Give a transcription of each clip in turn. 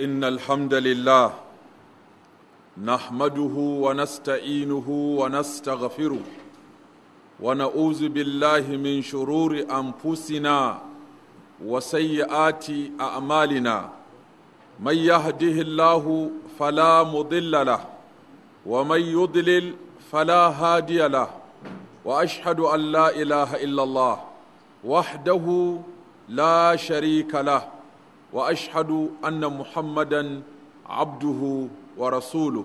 إن الحمد لله نحمده ونستعينه ونستغفره ونعوذ بالله من شرور أنفسنا وسيئات أعمالنا من يهده الله فلا مضل له ومن يضلل فلا هادي له وأشهد أن لا إله إلا الله وحده لا شريك له wa ashadu hadu annan muhammadan abduhu wa rasulu.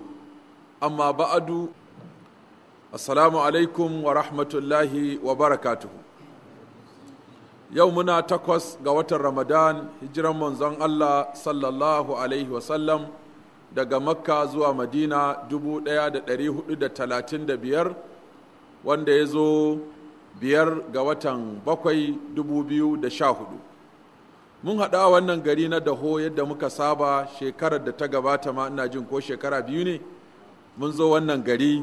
amma ba'adu duk. as wa rahmatullahi wa barakatu. yau muna takwas ga watan ramadan hijiran manzon allah s.w.c daga makka zuwa madina dubu ɗaya da ɗari hudu da talatin da biyar wanda ya zo biyar ga watan bakwai dubu biyu da sha mun haɗu a wannan gari na daho yadda muka saba shekarar da ta gabata ma ina jin ko shekara biyu ne mun zo wannan gari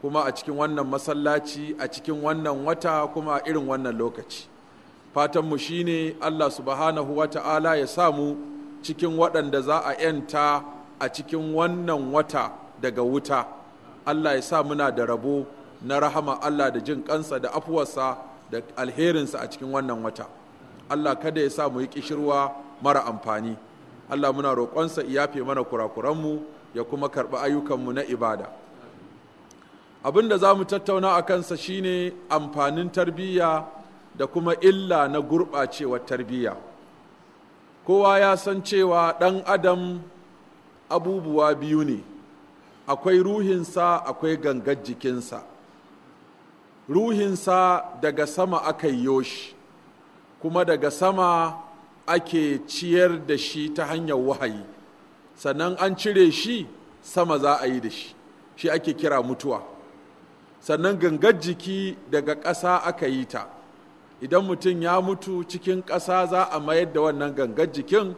kuma a cikin wannan masallaci a cikin wannan wata kuma a irin wannan lokaci fatanmu shine allah subhanahu wa ta'ala ya samu cikin waɗanda za a 'yanta a cikin wannan wata daga wuta allah ya sa muna da rabo na rahama allah da jin kansa da afuwarsa da alherinsa a cikin wannan wata Allah kada ya sa mu yi kishirwa mara amfani Allah muna roƙonsa ya yafe mana kurakuranmu ya kuma karɓi ayyukanmu na ibada abin da za mu tattauna a kansa shine amfanin tarbiyya da kuma illa na gurɓacewar tarbiyya kowa ya san cewa ɗan adam abubuwa biyu ne akwai ruhinsa akwai gangar jikinsa ruhinsa daga sama aka yi yoshi kuma daga sama ake ciyar da shi ta hanyar wahayi sannan an cire shi sama za a yi da shi shi ake kira mutuwa sannan gangar jiki daga ƙasa aka yi ta idan mutum ya mutu cikin ƙasa za a mayar da wannan gangar jikin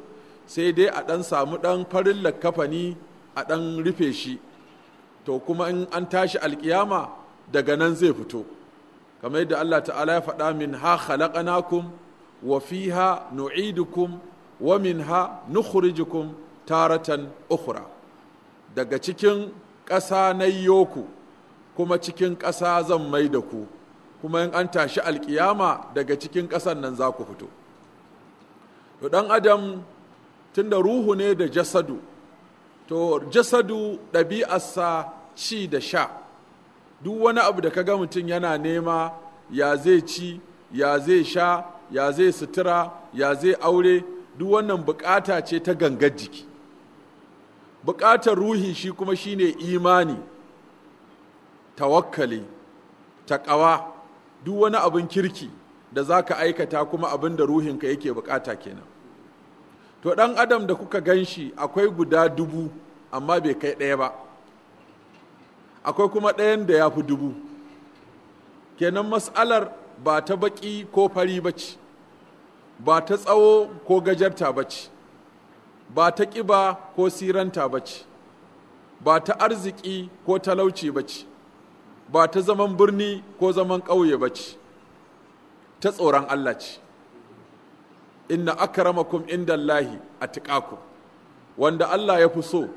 sai dai a ɗan samu ɗan farin lakafani a ɗan rufe shi to kuma in an tashi alƙiyama, daga nan zai fito kamar yadda Allah ta'ala ya faɗa min ha khalaqanakum wa fiha nu'idukum wa minha nukhrijukum taratan ukhra daga cikin ƙasa na yoku kuma cikin ƙasa zan mai da ku kuma in an tashi alkiyama daga cikin ƙasan nan za ku fito to ɗan adam tunda ruhu ne da jasadu to jasadu ɗabi'arsa ci da sha duk wani abu da ka ga mutum yana nema ya zai ci ya zai sha ya zai sutura ya zai aure duk wannan bukata ce ta gangar jiki bukatar ruhi shi kuma shine imani tawakkali taƙawa duk wani abin kirki da za ka aikata kuma abin da ruhinka yake bukata kenan to ɗan adam da kuka gan shi akwai guda dubu amma bai kai ɗaya ba akwai kuma ɗayan da ya fi dubu kenan mas'alar ba ta baki ko fari ba ce ba ta tsawo ko gajarta ba ce ba ta ƙiba ko siranta ba ce ba ta arziki ko talauci ba ce ba ta zaman birni ko zaman ƙauye ba ce ta tsoron Allah ce inna akramakum indallahi ku. wanda Allah ya fi so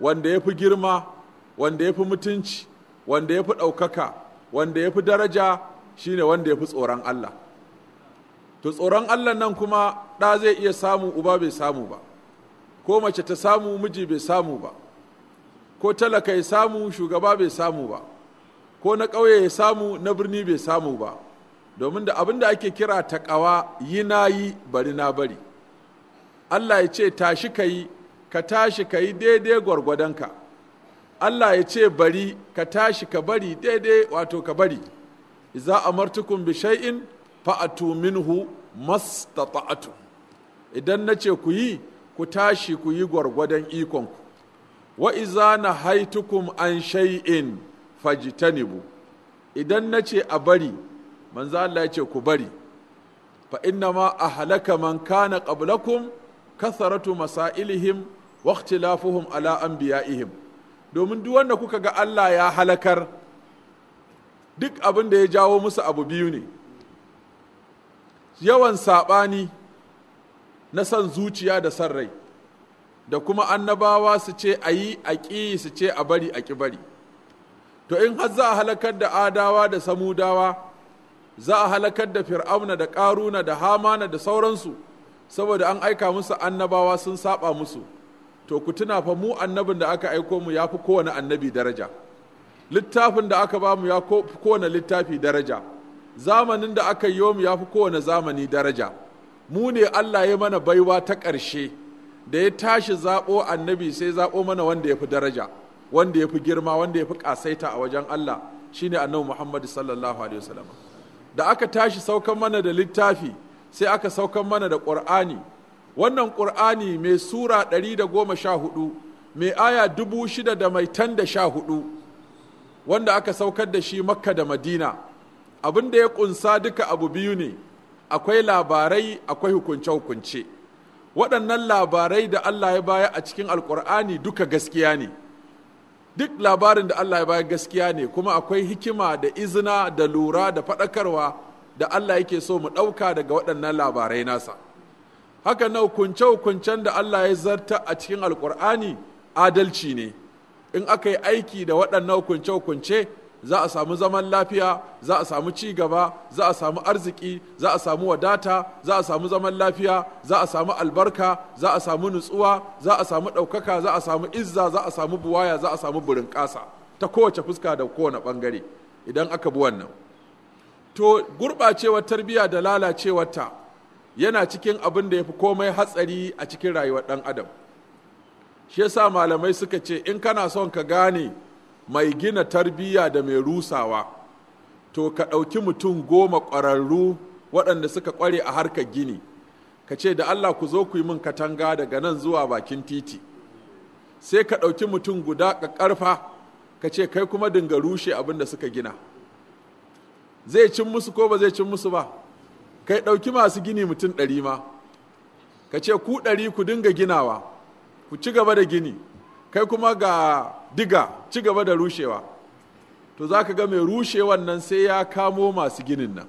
wanda ya fi girma wanda ya fi mutunci wanda ya fi ɗaukaka wanda ya fi daraja shine wanda ya fi tsoron Allah to tsoron Allah nan kuma ɗa zai iya samu uba bai samu ba ko mace ta samu miji bai samu ba ko talaka ya samu shugaba bai samu ba ko na ƙauye ya samu na birni bai samu ba domin da abin da ake kira ta ƙawa, yi na yi bari na bari Allah ya ce tashi ka yi ka tashi ka yi daidai gwargwadonka Allah ya ce bari ka tashi ka bari daidai wato ka bari iza amartukum bi shay'in fa'atu minhu mastata'tu idan nace ku yi ku tashi ku yi gwargwadon ikon ku wa iza nahaitukum an shay'in fajtanibu idan nace a bari manzo Allah yace ku bari fa inna ma ahlaka man kana qablakum kasaratu masailihim wa ikhtilafuhum ala anbiya'ihim domin duk wanda kuka ga Allah ya halakar duk abin da ya jawo musu abu biyu ne yawan saɓani na san zuciya da san rai da kuma annabawa su ce a yi a ƙi su ce a bari a ƙi bari to in har za a halakar da adawa da samudawa za a halakar da fir'auna da ƙaruna da hamana da sauransu saboda an aika musu annabawa sun saɓa musu to ku tuna fa mu annabin da aka aiko mu ya fi kowane annabi daraja littafin da aka bamu ya fi kowane littafi daraja zamanin da aka yi mu ya fi kowane zamani daraja mu ne Allah ya mana baiwa ta ƙarshe da ya tashi zaɓo annabi sai zaɓo mana wanda ya fi daraja wanda ya fi girma wanda ya fi ƙasaita a wajen Allah shine annabi muhammadu sallallahu alaihi wasallam da aka tashi saukan mana da littafi sai aka saukan mana da ƙur'ani wannan ƙur'ani mai sura 114 mai aya dubu shida da mai da sha hudu wanda aka saukar da shi makka da madina abin da ya kunsa duka abu biyu ne akwai labarai akwai hukunce-hukunce waɗannan labarai da allah ya baya a cikin alkur'ani duka gaskiya ne duk labarin da allah ya baya gaskiya ne kuma akwai hikima da izina da lura da faɗakarwa da allah yake so mu ɗauka daga waɗannan labarai nasa haka na hukunce-hukuncen da allah ya zarta a cikin alkur'ani adalci ne in aka yi aiki da waɗannan hukunce-hukunce za a samu zaman lafiya za a samu ci gaba za a samu arziki za a samu wadata za a samu zaman lafiya za a samu albarka za a samu nutsuwa za a samu ɗaukaka za a samu izza za a samu buwaya za a samu burin ƙasa ta kowace fuska da kowane ɓangare idan aka bi wannan to gurɓacewar tarbiyya da lalacewarta yana cikin abin da ya fi komai hatsari a cikin rayuwar ɗan adam shi yasa malamai suka ce in kana son ka gane mai gina tarbiyya da mai rusawa to ka ɗauki mutum goma ƙwararru waɗanda suka ƙware a harkar gini ka ce da allah ku zo ku yi min katanga daga nan zuwa bakin titi sai ka ɗauki mutum guda ka ƙarfa ka ce kai kuma dinga rushe abin da suka gina zai cin musu ko ba zai cin musu ba kai ɗauki masu gini mutum ɗari ma ka ce ku ɗari ku dinga ginawa ku ci gaba da gini kai kuma ga diga ci gaba da rushewa to za ka ga mai rushewan nan sai ya kamo masu ginin nan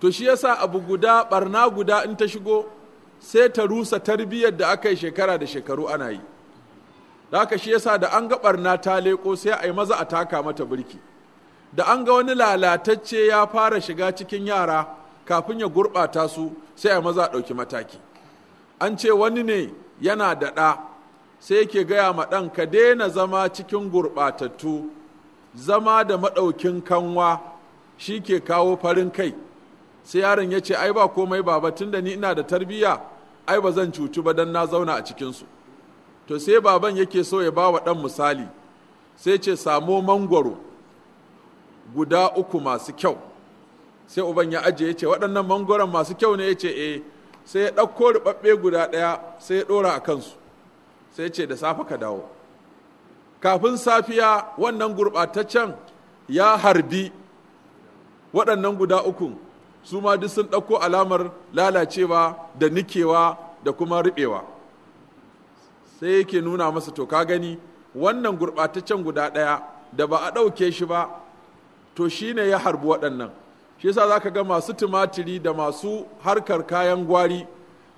to shi yasa abu guda barna guda in ta shigo sai ta rusa tarbiyyar da aka yi shekara da shekaru ana yi da ka shi yasa da an ga barna ta leko sai a yi maza a taka mata birki da an ga wani lalatacce ya fara shiga cikin yara kafin ya gurɓata su sai a maza a ɗauki mataki an ce wani ne yana da ɗa sai yake gaya ma ɗan ka daina zama cikin gurɓatattu zama da maɗaukin kanwa shi ke kawo farin kai sai yaron ya ce ai ba komai baba tunda ni ina da tarbiyya ai ba zan cutu ba don na zauna a cikinsu to sai baban yake so ya ba wa ɗan misali sai ce samo mangwaro guda uku masu kyau sai uban ya ajiye ya ce waɗannan mangwaron masu kyau ne ya ce eh sai ya ɗauko ruɓaɓɓe guda ɗaya sai ya ɗora a kansu sai ce da safe ka dawo kafin safiya wannan gurɓataccen ya harbi waɗannan guda uku su ma duk sun ɗauko alamar lalacewa da nikewa da kuma ruɓewa sai yake nuna masa to ka gani wannan gurɓataccen guda ɗaya da ba a ɗauke shi ba to shine ya harbi waɗannan shi yasa za ka ga masu tumatiri da masu harkar kayan gwari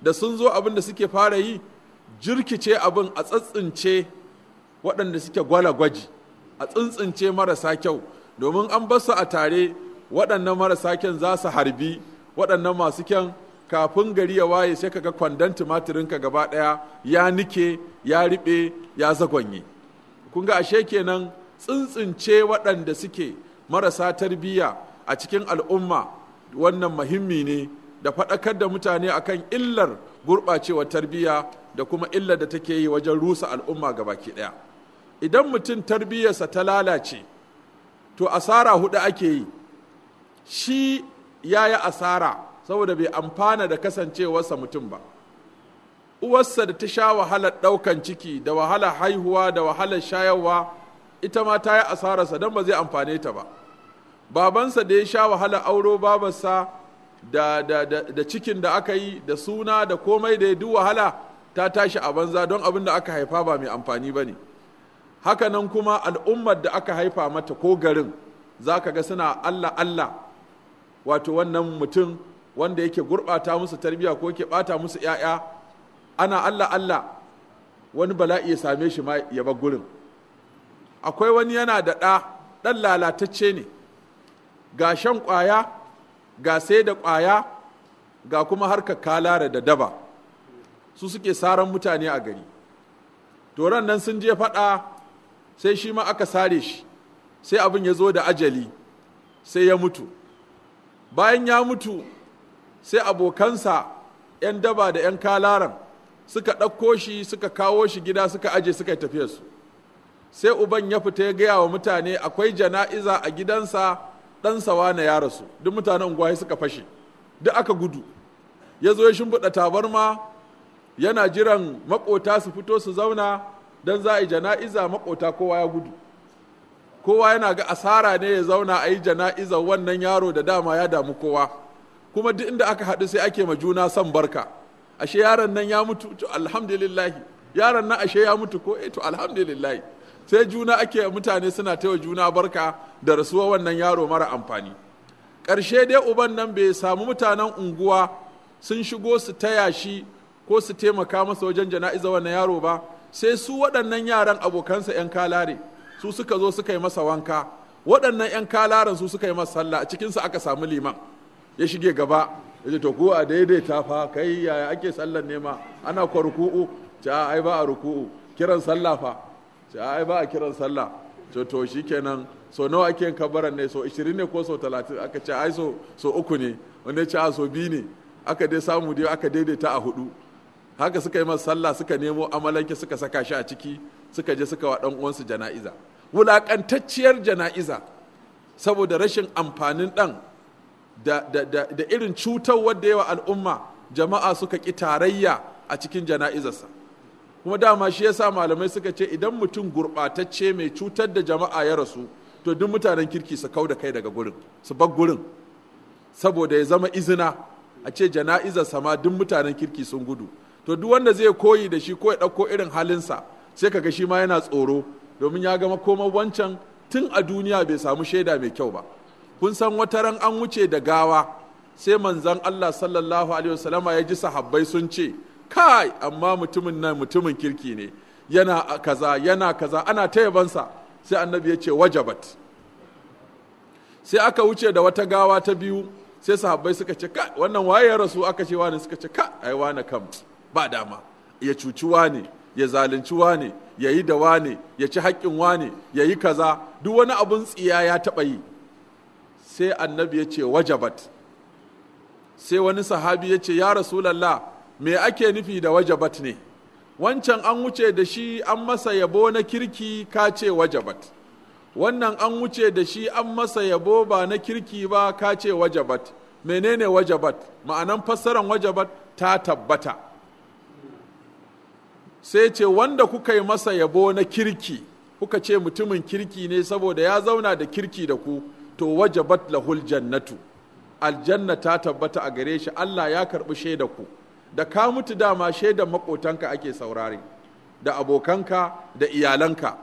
da sun zo abin da suke fara yi jirkice abin a tsatsince waɗanda suke gwala gwaji a tsintsince marasa kyau domin an basu a tare waɗannan marasa kyan za su harbi waɗannan masu kyan kafin gari ya waye sai kaga kwandon tumatirin ka gaba ɗaya ya nike ya riɓe ya zagwanye kun ga ashe kenan tsintsince waɗanda suke marasa tarbiyya a cikin al'umma wannan muhimmi ne da faɗakar da mutane akan illar gurɓacewar tarbiyya da kuma illar da take yi wajen rusa al'umma ga baki ɗaya idan mutum tarbiyyarsa ta lalace to asara huɗu ake yi shi ya yi asara saboda bai amfana da kasancewarsa mutum ba uwarsa da ta sha wahalar ɗaukan ciki da wahalar haihuwa da wahalar shayarwa ita ma ta yi asararsa don ba zai amfane ta ba babansa da ya sha wahala auro babarsa da, cikin da aka yi da suna da komai da ya duk wahala ta tashi a banza don abin da aka haifa ba mai amfani ba ne hakanan kuma al'ummar da aka haifa mata ko garin za ka ga suna allah allah wato wannan mutum wanda yake gurɓata musu tarbiyya ko yake ɓata musu 'ya'ya ana allah allah wani bala'i ya same shi ma ya bar gurin akwai wani yana da ɗa ɗan lalatacce ne ga shan ƙwaya ga sai da kwaya ga kuma harkar kalara da daba su suke saran mutane a gari toron nan sun je faɗa sai shi ma aka sare shi sai abin ya zo da ajali sai ya mutu bayan ya mutu sai abokansa 'yan daba da 'yan kalaran suka ɗauko shi suka kawo shi gida suka aje suka tafiya su sai uban ya fita ya gaya wa mutane akwai jana'iza a gidansa dan sawana ya rasu duk mutanen unguwa suka fashe duk aka gudu ya zo ya shimfiɗa tabarma yana jiran makota su fito su zauna don za a jana'iza makota kowa ya gudu kowa yana ga asara ne ya zauna a yi jana'iza wannan yaro da dama ya damu kowa kuma duk inda aka haɗu sai ake ma juna son barka ashe yaron nan ya mutu to alhamdulillahi yaron nan ashe ya mutu ko eh to alhamdulillahi sai juna ake mutane suna taiwa juna barka da rasuwa wannan yaro mara amfani ƙarshe dai uban nan bai samu mutanen unguwa sun shigo su taya shi ko su taimaka masa wajen jana'iza wannan yaro ba sai su waɗannan yaran abokansa 'yan kalare su suka zo suka yi masa wanka waɗannan 'yan kalaren su suka yi masa sallah a cikinsu aka samu liman ya shige gaba ya ce ko a daidaita fa kai yaya ake sallar nema ana kwa ruku'u ta ai ba a ruku'u kiran sallah fa ce ai ba a kiran sallah ce to kenan so nawa ake yin kabaran ne so 20 ne ko so 30 aka ce ai so so uku ne wanda ya ce a so biyu ne aka dai samu dai aka daidaita a hudu haka suka yi masa sallah suka nemo amalanke suka saka shi a ciki suka je suka wa dan uwansu jana'iza wulakantacciyar jana'iza saboda rashin amfanin dan da, da, da, da irin cutar wadda yawa al'umma jama'a suka ki tarayya a cikin jana'izarsa kuma dama shi yasa malamai suka ce idan mutum gurɓatacce mai cutar da jama'a ya rasu to duk mutanen kirki su kau da kai daga gurin su bar gurin saboda ya zama izina a ce jana'izar sama duk mutanen kirki sun gudu to duk wanda zai koyi da shi ko ya ɗauko irin halinsa sai kaga shi ma yana tsoro domin ya gama koma wancan tun a duniya bai samu shaida mai kyau ba kun san wata ran an wuce da gawa sai manzon Allah sallallahu alaihi wasallama ya ji sahabbai sun ce kai amma mutumin nan mutumin kirki ne yana kaza yana kaza ana ta yabansa sai annabi ya ce wajabat sai aka wuce da wata gawa ta biyu sai sahabbai suka ce kai wannan waye ya rasu aka ce wani suka ce ka ai wani kam ba dama ya cuci wani ya zalunci wani ya yi da wani ya ci haƙƙin wani ya yi kaza duk wani abun tsiya ya taɓa yi sai annabi ya ce wajabat sai wani sahabi ya ce ya rasulallah me ake nufi da wajabat ne wancan an wuce da shi an masa yabo na kirki ka ce wajabat wannan an wuce da shi an masa yabo ba na kirki ba ka ce wajabat menene wajabat ma'anan fassaran wajabat ta tabbata sai ce wanda kuka yi masa yabo na kirki kuka ce mutumin kirki ne saboda ya zauna da kirki da ku to wajabat lahul jannatu aljanna ta tabbata a gare shi Allah ya karɓi shaida ku da ka mutu dama shaidan makotanka ake saurare da abokanka da iyalanka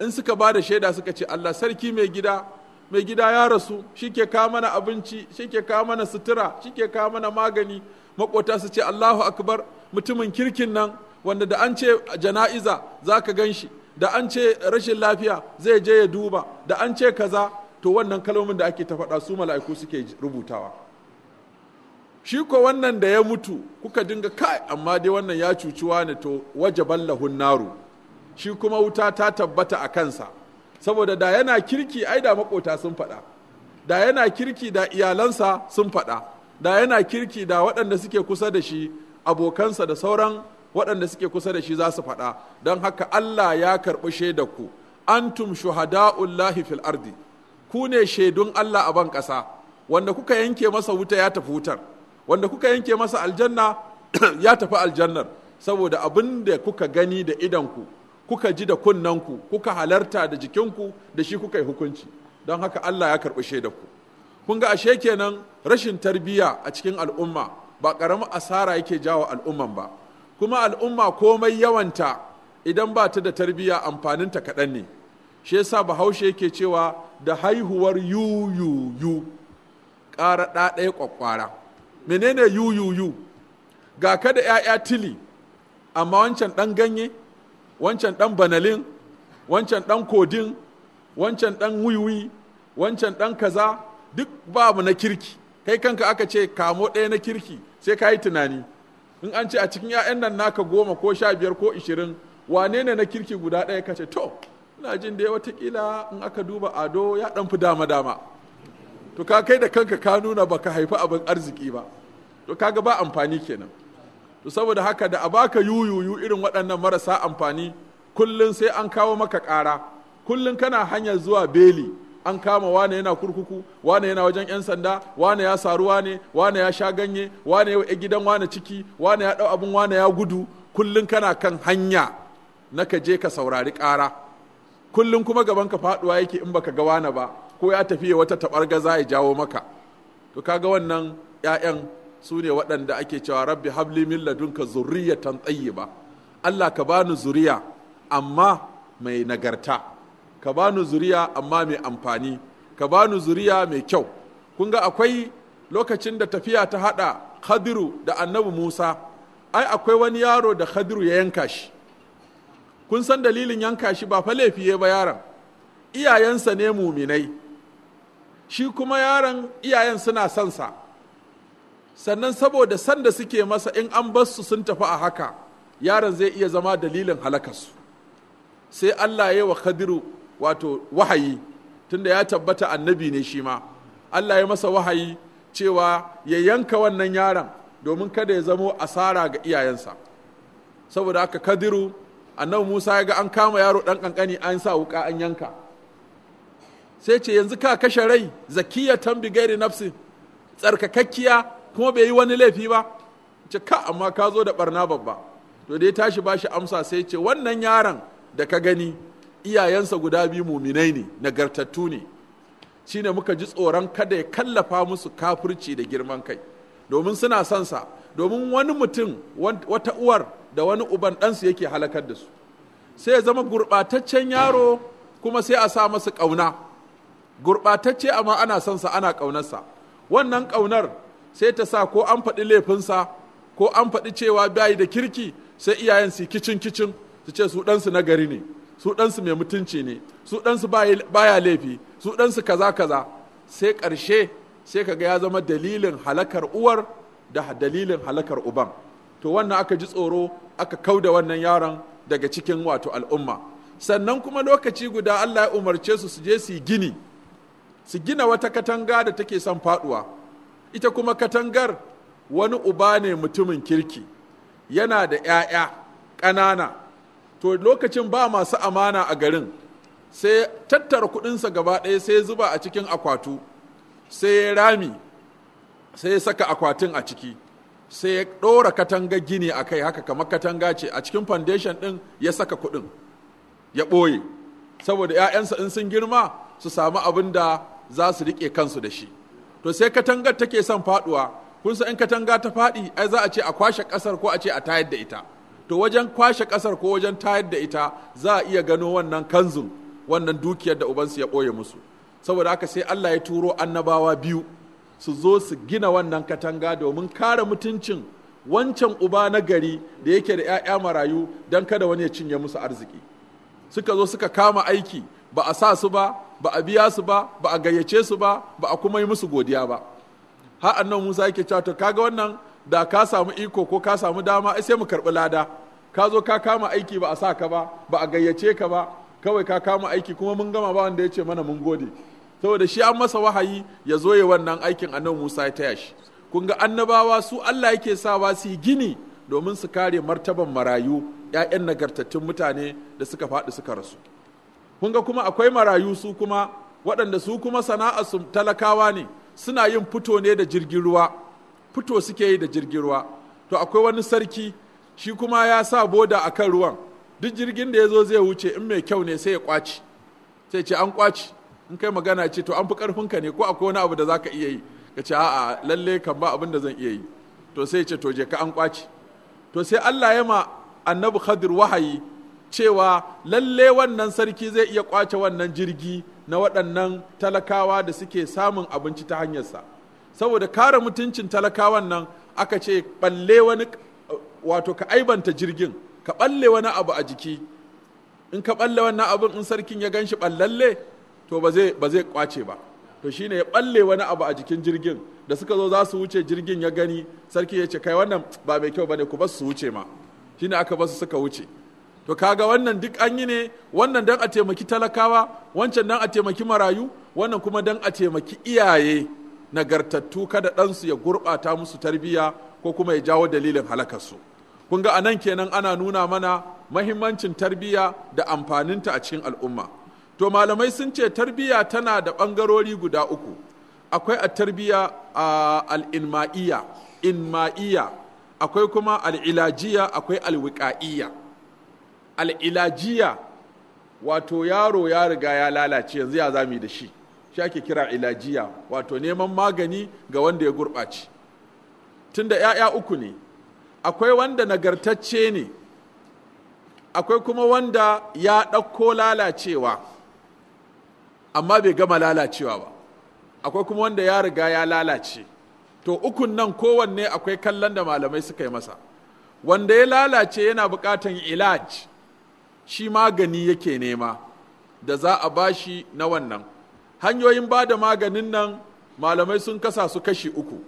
in suka ba da shaida suka ce Allah sarki mai gida mai gida ya rasu shike ka mana abinci shike ka mana sutura shike ka mana magani makota su ce Allahu akbar mutumin kirkin nan wanda da an ce jana'iza za ka gan shi da an ce rashin lafiya zai je ya duba da an ce kaza to wannan kalomin da ake ta faɗa su mala'iku suke rubutawa shi ko wannan da ya mutu kuka dinga kai amma dai wannan ya cuciwa ne to waje ballahun naru shi kuma wuta ta tabbata a kansa saboda da yana kirki ai da makota sun faɗa da yana kirki da iyalansa sun faɗa da yana kirki da waɗanda suke kusa da shi abokansa da sauran waɗanda suke kusa da shi za su faɗa don haka Allah ya karɓi ku antum shuhada'ullahi fil ardi ku ne shaidun Allah a ban ƙasa wanda kuka yanke masa wuta ya tafi wutar wanda kuka yanke masa aljanna ya tafi aljannar saboda abin da kuka gani da idanku kuka ji da kunnanku kuka halarta da jikinku da shi kuka yi hukunci don haka Allah ya karɓi shaidarku kun ga ashe kenan rashin tarbiyya a cikin al'umma ba ƙaramin asara yake jawo al'umman ba kuma al'umma komai yawanta idan ba ta da tarbiyya ta kaɗan ne shi yasa bahaushe yake cewa da haihuwar yuyuyu ƙara ɗaɗaya ƙwaƙwara menene yuyuyu ga ka da 'ya'ya tili amma wancan ɗan ganye wancan ɗan banalin wancan ɗan kodin wancan ɗan wiwi wancan ɗan kaza duk babu na kirki kai kanka aka ce kamo ɗaya na kirki sai ka yi tunani in an ce a cikin 'ya'yan nan naka goma ko sha biyar ko ishirin wane ne na kirki guda ɗaya ka ce to ina jin da watakila in aka duba ado ya ɗan fi dama dama to ka kai da kanka ka nuna baka haifi abin arziki ba to kaga ba amfani kenan to saboda haka da a baka yuyuyu irin waɗannan marasa amfani kullun sai an kawo maka ƙara kullun kana hanyar zuwa beli an kama wane yana kurkuku wane yana wajen 'yan sanda wane ya saru wane wane ya sha ganye wane ya gidan wane ciki wane ya ɗau abin wane ya gudu kullun kana kan hanya na ka je ka saurari ƙara kullun kuma gaban ka faɗuwa yake in baka ga wane ba ko ya tafi wata taɓar gaza ya jawo maka to kaga wannan 'ya'yan su ne waɗanda ake cewa rabbi habli min ladunka zurriyatan tayyiba Allah ka bani zuriya amma mai nagarta ka bani zuriya amma mai amfani ka bani zuriya mai kyau kun ga akwai lokacin da tafiya ta hada khadiru da annabi musa ai akwai wani yaro da khadiru ya yanka shi kun san dalilin yanka shi ba fa laifiye ba yaron iyayensa ne muminai shi kuma yaron iyayen suna sonsa. sannan saboda sanda suke masa in an bar su sun tafi a haka yaron zai iya zama dalilin halakarsu sai Allah ya wa Khadiru wato wahayi tunda ya tabbata annabi ne shi ma Allah ya masa wahayi cewa ya yanka wannan yaron domin kada ya zamo asara ga iyayensa saboda haka Khadiru annabi Musa ya ga an kama yaro dan kankani an sa wuka an yanka sai ce yanzu ka kashe rai Zakiya bi gairi nafsi tsarkakakkiya kuma bai yi wani laifi ba ce ka amma ka zo da barna babba to da ya tashi ba shi amsa sai ce wannan yaron da ka gani iyayensa guda biyu muminai ne nagartattu ne Shi ne muka ji tsoron kada ya kallafa musu kafurci da girman kai domin suna son sa domin wani mutum wata uwar da wani uban ɗansu yake halakar da su sai ya zama gurɓataccen yaro kuma sai a sa masa ƙauna gurɓatacce amma ana son sa ana ƙaunarsa wannan ƙaunar sai ta sa ko an faɗi laifinsa ko an faɗi cewa bayi da kirki sai iyayen su kicin kicin su ce su ɗansu na gari ne su ɗansu mai mutunci ne su ɗansu baya laifi su ɗansu kaza kaza sai ƙarshe sai kaga ya zama dalilin halakar uwar da dalilin halakar uban to wannan aka ji tsoro aka kau da wannan yaron daga cikin wato al'umma sannan kuma lokaci guda Allah ya umarce su su je su gini su gina wata katanga da take son faduwa ita kuma katangar wani uba ne mutumin kirki yana da 'ya'ya ƙanana to lokacin ba masu amana a garin sai tattara kudinsa gaba ɗaya sai zuba a cikin akwatu sai ya rami sai ya saka akwatin a ciki sai ya ɗora katanga gini a kai haka kamar katanga ce a cikin foundation ɗin ya saka kuɗin ya ɓoye saboda 'ya'yansa in sun girma su samu abin da za su riƙe kansu da shi to sai katangar take son faduwa kun san in katanga ta fadi ai za a ce a kwashe kasar ko a ce a tayar da ita to wajen kwashe kasar ko wajen tayar da ita za a iya gano wannan kanzun wannan dukiyar da ubansu ya ɓoye musu saboda haka sai Allah ya turo annabawa biyu su zo su gina wannan katanga domin kare mutuncin wancan uba na gari da yake da 'ya'ya marayu don kada wani ya cinye musu arziki suka zo suka kama aiki ba a sa su ba ba a biya su ba ba a gayyace su ba ba a kuma yi musu godiya ba har annabi musa yake cewa to kaga wannan da ka samu iko ko ka samu dama sai mu karbi lada ka zo ka kama aiki ba a sa ka ba ba a gayyace ka ba kawai ka kama aiki kuma mun gama ba wanda ya ce mana mun gode saboda shi an masa wahayi ya zo ya wannan aikin annabi musa ya taya shi kun ga annabawa su allah yake sa ba su yi gini domin su kare martaban marayu 'ya'yan nagartattun mutane da suka faɗi suka rasu kun ga kuma akwai marayu su kuma waɗanda su kuma sana'a su talakawa ne suna yin fito ne da jirgin ruwa fito suke yi da jirgin ruwa to akwai wani sarki shi kuma ya sa boda a kan ruwan duk jirgin da ya zo zai wuce in mai kyau ne sai ya kwaci sai ce an kwaci in kai magana ce to an fi karfinka ne ko akwai wani abu da za ka iya yi ka ce a'a lalle kan ba abin da zan iya yi to sai ce to je ka an kwaci to sai Allah ya ma annabi Khadir wahayi cewa lalle wannan sarki zai iya kwace wannan jirgi na waɗannan talakawa da suke samun abinci ta hanyarsa saboda kare mutuncin talakawan nan aka ce balle wani wato ka aibanta jirgin ka balle wani abu a jiki in ka balle wannan abin in sarkin ya ganshi ballalle to ba zai ba kwace ba to shine ya balle wani abu a jikin jirgin da suka zo za su wuce jirgin ya gani sarki ya ce kai wannan ba mai kyau ba bane ku bar su wuce ma shine aka ba su suka wuce to kaga wannan duk an yi ne wannan dan a taimaki talakawa wancan dan a taimaki marayu wannan kuma dan a taimaki iyaye nagartattu kada ɗansu ya gurɓata musu tarbiyya ko kuma ya jawo dalilin halakarsu kun ga anan kenan ana nuna mana mahimmancin tarbiyya da amfaninta a cikin al'umma to malamai sun ce tarbiyya tana da ɓangarori guda uku akwai a tarbiyya al'inma'iyya inma'iyya akwai kuma al'ilajiya akwai alwiƙa'iyya al'ilajiya wato yaro ya riga ya lalace yanzu ya zami da shi shi ake kira ilajiya wato neman magani ga wanda ya gurɓace tunda ‘ya'ya uku ne akwai wanda nagartacce ne akwai kuma wanda ya ɗauko lalacewa amma bai gama lalacewa ba akwai kuma wanda ya riga ya lalace to ukun nan kowanne akwai kallon da malamai suka yi masa wanda ya lalace yana buƙatan ilaj shi magani yake nema da za a bashi na wannan hanyoyin ba da maganin nan malamai sun kasa su kashi uku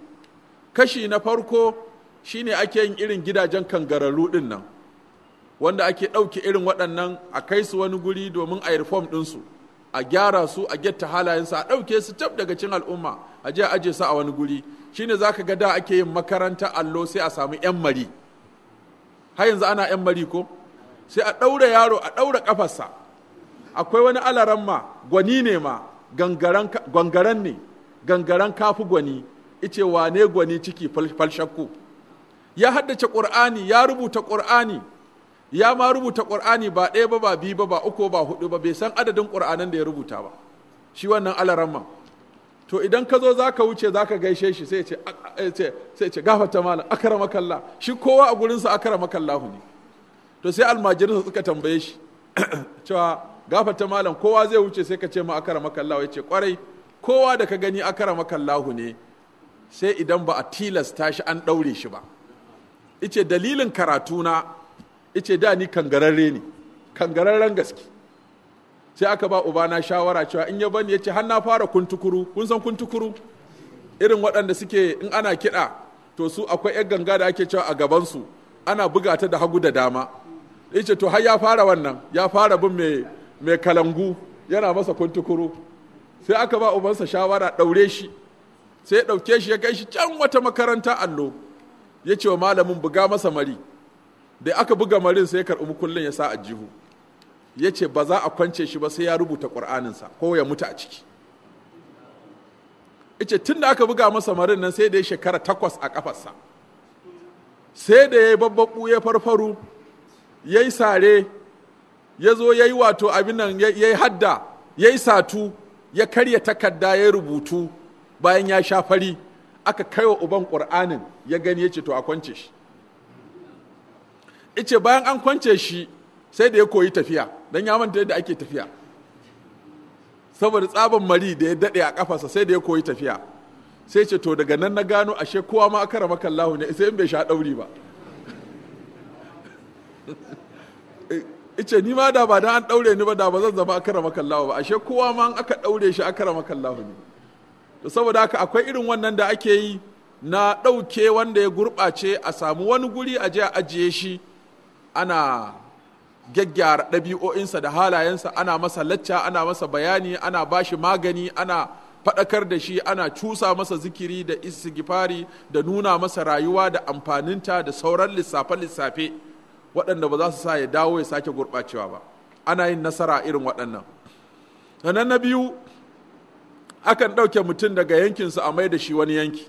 kashi na farko shine ake yin irin gidajen kangararru din nan wanda ake ɗauke irin waɗannan a kai su wani guri domin a reform ɗinsu a gyara su a getta halayensu a ɗauke su tab daga cin al'umma a je a aje su a wani guri shine za ka ga da ake yin makaranta allo sai a samu 'yan mari har yanzu ana 'yan mari ko sai a ɗaura yaro a ɗaura ƙafarsa akwai wani alaran ma gwani ne ma gangaren ne gangaran kafi gwani ice wane gwani ciki falshakku ya haddace ƙur'ani ya rubuta ƙur'ani ya ma rubuta ƙur'ani ba ɗaya ba ba biyu ba ba uku ba hudu ba bai san adadin ƙur'anin da ya rubuta ba shi wannan alaran ma to idan ka zo za ka wuce za ka gaishe shi sai ce eh, gafata malam akara makalla shi kowa a gurinsa akara makallahu ne to sai almajirinsa suka tambaye shi cewa gafata malam kowa zai wuce sai ka ce ma akara makallahu ya ce kwarai kowa da ka gani akara makallahu ne sai idan ba a tilasta shi an ɗaure shi ba ice dalilin karatuna ice da ni kangararre ne kangararren gaske sai aka ba ubana shawara cewa in ya bani ya ce har na fara kuntukuru kun san kuntukuru irin waɗanda suke in ana kiɗa to su akwai 'yan ganga da ake cewa a gabansu ana buga ta da hagu da dama yace to har ya fara wannan ya fara bin mai kalangu yana masa kuntukuru sai aka ba ubansa shawara daure shi sai ya dauke shi ya kai shi can wata makaranta allo ya ce wa malamin buga masa mari da aka buga marin sai ya karɓi mukullin ya sa a jihu ya ce ba za a kwance shi ba sai ya rubuta ƙur'aninsa ko ya mutu a ciki ice tun da aka buga masa marin nan sai da ya shekara takwas a kafarsa sai da ya yi babbaɓu ya farfaru ya yi sare ya zo ya yi wato abin nan ya yi hadda ya yi satu ya karya takarda ya rubutu bayan ya sha fari aka kai wa uban ƙur'anin ya gani ya ce to a kwance shi ice bayan an kwance shi sai da ya koyi tafiya don ya manta yadda ake tafiya saboda tsaban mari da ya daɗe a ƙafasa sai da ya koyi tafiya sai ce to daga nan na gano ashe kowa ma aka rama kallahu ne sai in bai sha ɗauri ba Eh, ice ni ma da ba da an daure ni ba da ba zan zama akarama kallahu ba ashe kowa ma an aka daure shi akarama kallahu ne to saboda haka akwai irin wannan da ake yi na ɗauke wanda ya gurɓace a samu wani guri a je a ajiye shi ana gyaggyara ɗabi'o'insa da halayensa ana masa lacca ana masa bayani ana bashi magani ana faɗakar da shi ana cusa masa zikiri da istighfari da nuna masa rayuwa da amfaninta da sauran lissafe-lissafe waɗanda ba za su sa ya dawo ya sake gurɓacewa ba ana yin nasara irin waɗannan sannan na biyu akan ɗauke mutum daga yankinsa a mai da shi wani yanki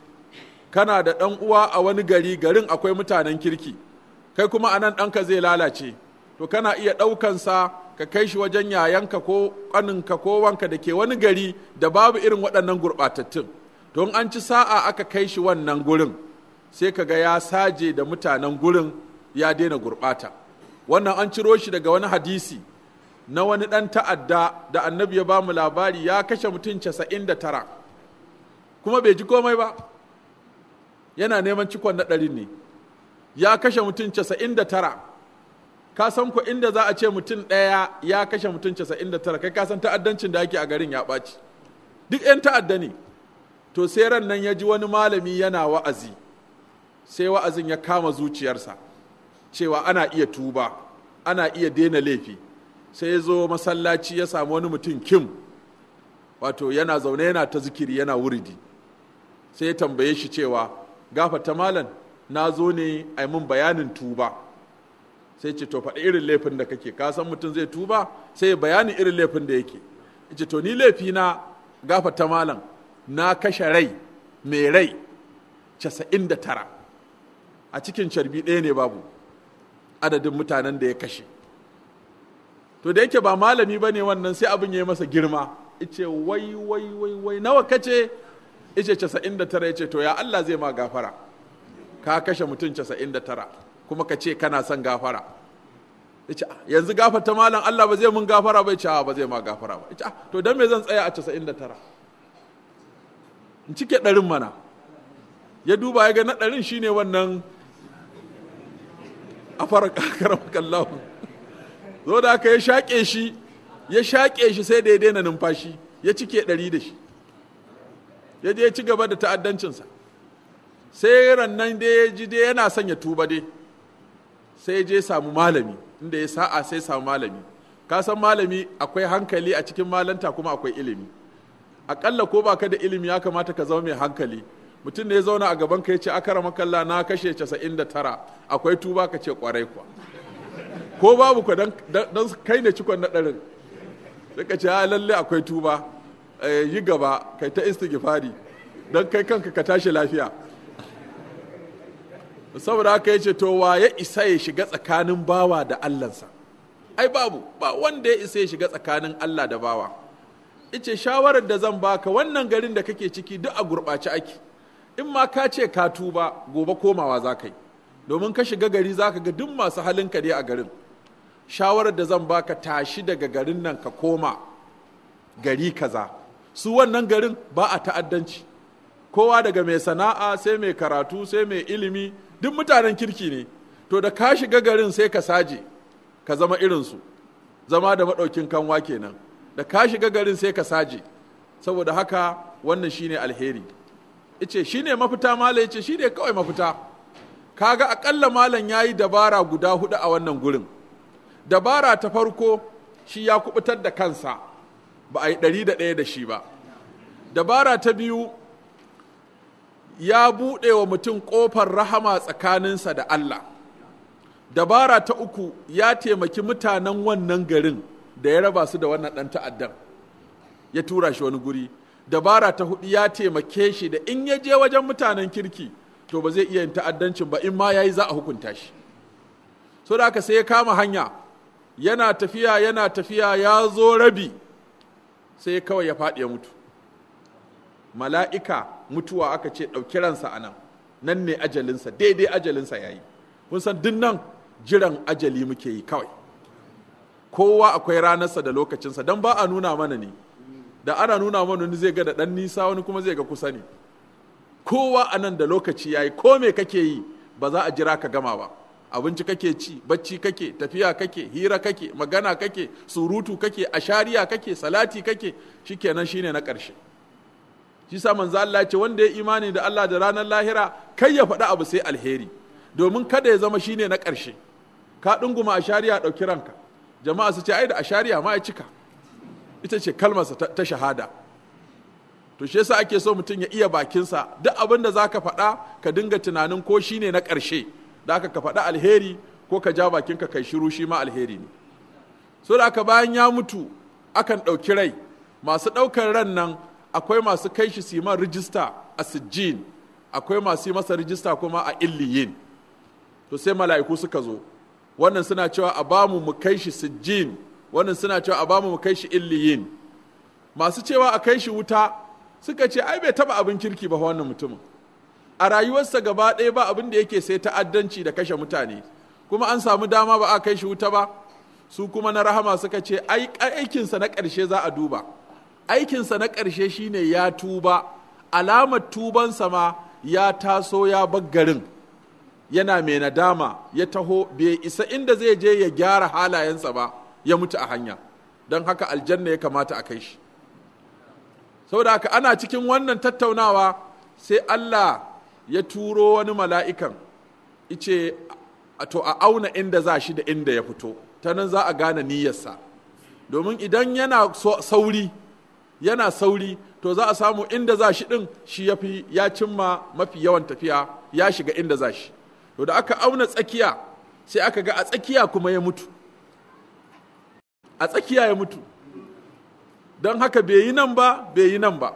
kana da ɗan uwa a wani gari garin akwai mutanen kirki kai kuma a nan ɗanka zai lalace to kana iya ɗaukansa ka kai shi wajen yayanka ko ƙaninka ko wanka da ke wani gari da babu irin waɗannan gurɓatattun don an ci sa'a aka kai shi wannan gurin sai ka ga ya saje da mutanen gurin ya daina gurɓata wannan an ciro shi daga wani hadisi na wani ɗan ta'adda da annabi ya bamu labari ya kashe mutum casa'in da tara kuma bai ji komai ba yana neman cikon na ɗari ne ya kashe mutum casa'in da tara ka san ku inda za a ce mutum ɗaya ya kashe mutum casa'in da tara kai ka san ta'addancin da ake a garin ya ɓaci duk 'yan ta'adda ne to sai ran nan ya ji wani malami yana wa'azi sai wa'azin ya kama zuciyarsa cewa ana iya tuba ana iya daina laifi sai ya zo masallaci ya samu wani mutum kim wato yana zaune yana ta zikiri yana wuridi sai ya tambaye shi cewa ta malam na zo ne a mun bayanin tuba sai ce to faɗi irin laifin da kake ka mutum zai tuba sai ya bayani irin laifin da yake ce to ni laifi na gafata malam na kashe rai mai rai casa'in da tara a cikin carbi ɗaya ne babu adadin mutanen da ya kashe to da yake ba malami ba ne wannan sai abin ya yi masa girma ice wai wai wai wai nawa kace ice casa'in da tara ce to ya Allah zai ma gafara ka kashe mutum casa'in da tara kuma ka ce kana son gafara ice ah, yanzu gafarta malam Allah ba zai mun gafara ba ice ah, ba zai ma gafara ba ice ah, to dan me zan tsaya a casa'in da tara in cike ɗarin mana ya duba ya ga na ɗarin shine wannan a fara kakar makallahu zo da aka ya shaƙe shi ya shaƙe shi sai da ya daina numfashi ya cike ɗari da shi ya je ci gaba da ta'addancinsa sai rannan da ya ji dai yana son ya tuba dai sai je samu malami inda ya sa'a sai samu malami ka san malami akwai hankali a cikin malanta kuma akwai ilimi aƙalla ko baka da ilimi ya kamata ka zama mai hankali mutum ne ya zauna a gaban ka ya ce akara makalla na kashe 99 akwai tuba ka ce kwarai kuwa ko babu ka don kai ne cikon na ɗarin sai ka ce a ah, lalle akwai tuba eh, yi gaba kai ta istighfari don kai kanka ka tashi lafiya saboda haka ya ce to wa ya isa ya shiga tsakanin bawa da allansa ai babu ba wanda ya isa ya shiga tsakanin allah da bawa ice shawarar da zan baka wannan garin da kake ciki duk a gurɓace ake in ma ka ce ka tuba gobe komawa za ka yi domin ka shiga gari za ka ga duk masu halin ka a garin shawarar da zan baka tashi daga garin nan ka koma gari kaza su wannan garin ba a ta'addanci kowa daga mai sana'a sai mai karatu sai mai ilimi duk mutanen kirki ne to da ka shiga garin sai ka saje ka zama irinsu zama da maɗaukin kanwa kenan da ka shiga garin sai ka saje saboda haka wannan shine alheri yace shine mafita malam yace shine kawai mafita kaga akalla malam ya yi dabara guda hudu a wannan gurin dabara ta farko shi ya kubutar da kansa ba a yi ɗari da ɗaya da shi ba dabara ta biyu ya buɗe wa mutum ƙofar rahama tsakaninsa da Allah dabara ta uku ya taimaki mutanen wannan garin da ya raba su da wannan ɗan ta'addan ya tura shi wani guri dabara ta hudu ya taimake shi da in ya je wajen mutanen kirki to ba zai iya yin ta'addancin ba in ma ya yi za a hukunta shi so da haka sai ya kama hanya yana tafiya yana tafiya ya zo rabi sai kawai ya faɗi ya mutu mala'ika mutuwa aka ce ɗauki ransa a nan nan ne ajalinsa daidai ajalinsa ya yi kun san duk nan jiran ajali muke yi kawai kowa akwai ranarsa da lokacinsa don ba a nuna mana ne da ana nuna mana wani zai ga da ɗan nisa wani kuma zai ga kusa ne kowa a nan da lokaci yayi ko me kake yi ba za a jira ka gama ba abinci kake ci bacci kake tafiya kake hira kake magana kake surutu kake ashariya kake salati kake shikenan shine na ƙarshe shi sa manzo Allah ce wanda ya imani da Allah da ranar lahira kai ya faɗi abu sai alheri domin kada ya zama shine na ƙarshe ka ɗunguma ashariya ɗauki ranka jama'a su ce ai da ashariya ma ya cika ita ce kalmarsa ta shahada to shi yasa ake so mutum ya iya bakinsa duk abin da za ka faɗa ka dinga tunanin ko shi ne na ƙarshe da aka ka faɗa alheri ko ka ja bakinka kai shiru shi ma alheri ne so da aka bayan ya mutu akan ɗauki rai masu ɗaukar ran nan akwai masu kai shi siman rijista a sijjin akwai masu yi masa rijista kuma a illiyin to sai mala'iku suka zo wannan suna cewa a bamu mu kai shi sijjin wannan suna cewa a bamu mu kai shi illiyin masu cewa a kai shi wuta suka ce ai bai taba abin kirki ba wannan mutumin a rayuwarsa gaba ɗaya ba abin da yake sai ta'addanci da kashe mutane kuma an samu dama ba a kai shi wuta ba su kuma na rahama suka ce aikinsa na ƙarshe za a duba aikinsa na ƙarshe shine ya tuba alamar tubansa ma ya taso ya baggarin yana mai nadama ya taho bai isa inda zai je ya gyara halayensa ba ya mutu a hanya don haka aljanna ya kamata a kai shi saboda haka ana cikin wannan tattaunawa sai Allah ya turo wani mala'ikan ice to a auna inda za shi da inda ya fito ta nan za a gane niyyarsa domin idan yana sauri yana sauri to za a samu inda za shi ɗin shi ya fi ya cimma mafi yawan tafiya ya shiga inda za shi to da aka auna tsakiya sai aka ga a tsakiya kuma ya mutu a tsakiya ya mutu don haka bai yi nan ba bai yi nan ba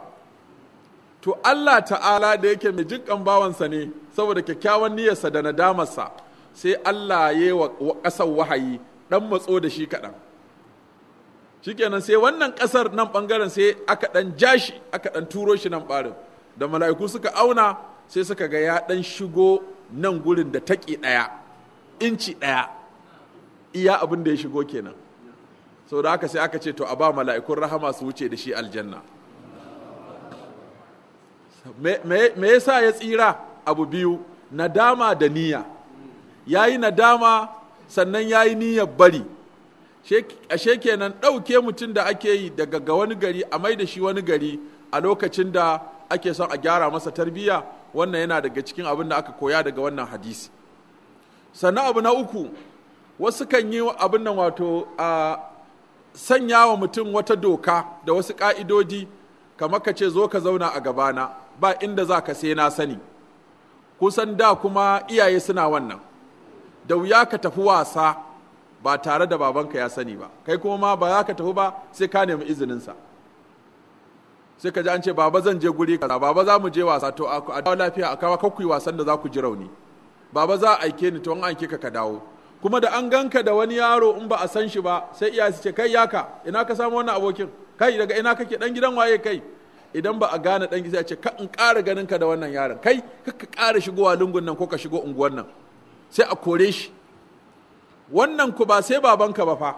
to Allah ta'ala da yake mai jinkan bawansa ne saboda kyakkyawan niyyarsa da nadamarsa sai Allah ya yi wa ƙasar wahayi ɗan matso da shi kaɗan shikenan sai wannan ƙasar nan ɓangaren sai aka ɗan jashi aka ɗan turo shi nan ɓarin da mala'iku suka auna sai suka ga ya ɗan shigo nan gurin da taƙi ɗaya inci ɗaya iya abin da ya shigo kenan sau da aka sai aka ce to a ba mala'ikun rahama su wuce da shi aljanna me yasa ya tsira abu biyu nadama da niyya ya yi nadama sannan ya yi niyyar bari ashe kenan ɗauke mutum da ake yi daga ga wani gari a mai da shi wani gari a lokacin da ake son a gyara masa tarbiyya wannan yana daga cikin abin da aka koya daga wannan hadisi sannan abu na uku wasu kan yi abin nan wato a sanya wa mutum wata doka da wasu ƙa'idodi kamar ka ce zo ka zauna a gabana ba inda za ka sai na sani kusan da kuma iyaye suna wannan da wuya ka tafi wasa ba tare da babanka ya sani ba kai kuma ma ba za ka tafi ba sai ka nemi izininsa sai ka ji an ce baba zan je guri kaza baba za mu je wasa to a lafiya a kawo kakwai wasan da za ku ji rauni baba za a aike ni to an aike ka ka dawo kuma da an ganka da wani yaro in ba a san shi ba sai iya su ce kai yaka ina ka samu wannan abokin kai daga ina kake dan gidan waye kai idan ba a gane dan a ce ka in ƙara ganin ka da wannan yaron kai ka ƙara shigowa lungun nan ko ka shigo unguwan nan sai a kore shi wannan ku ba sai babanka ba fa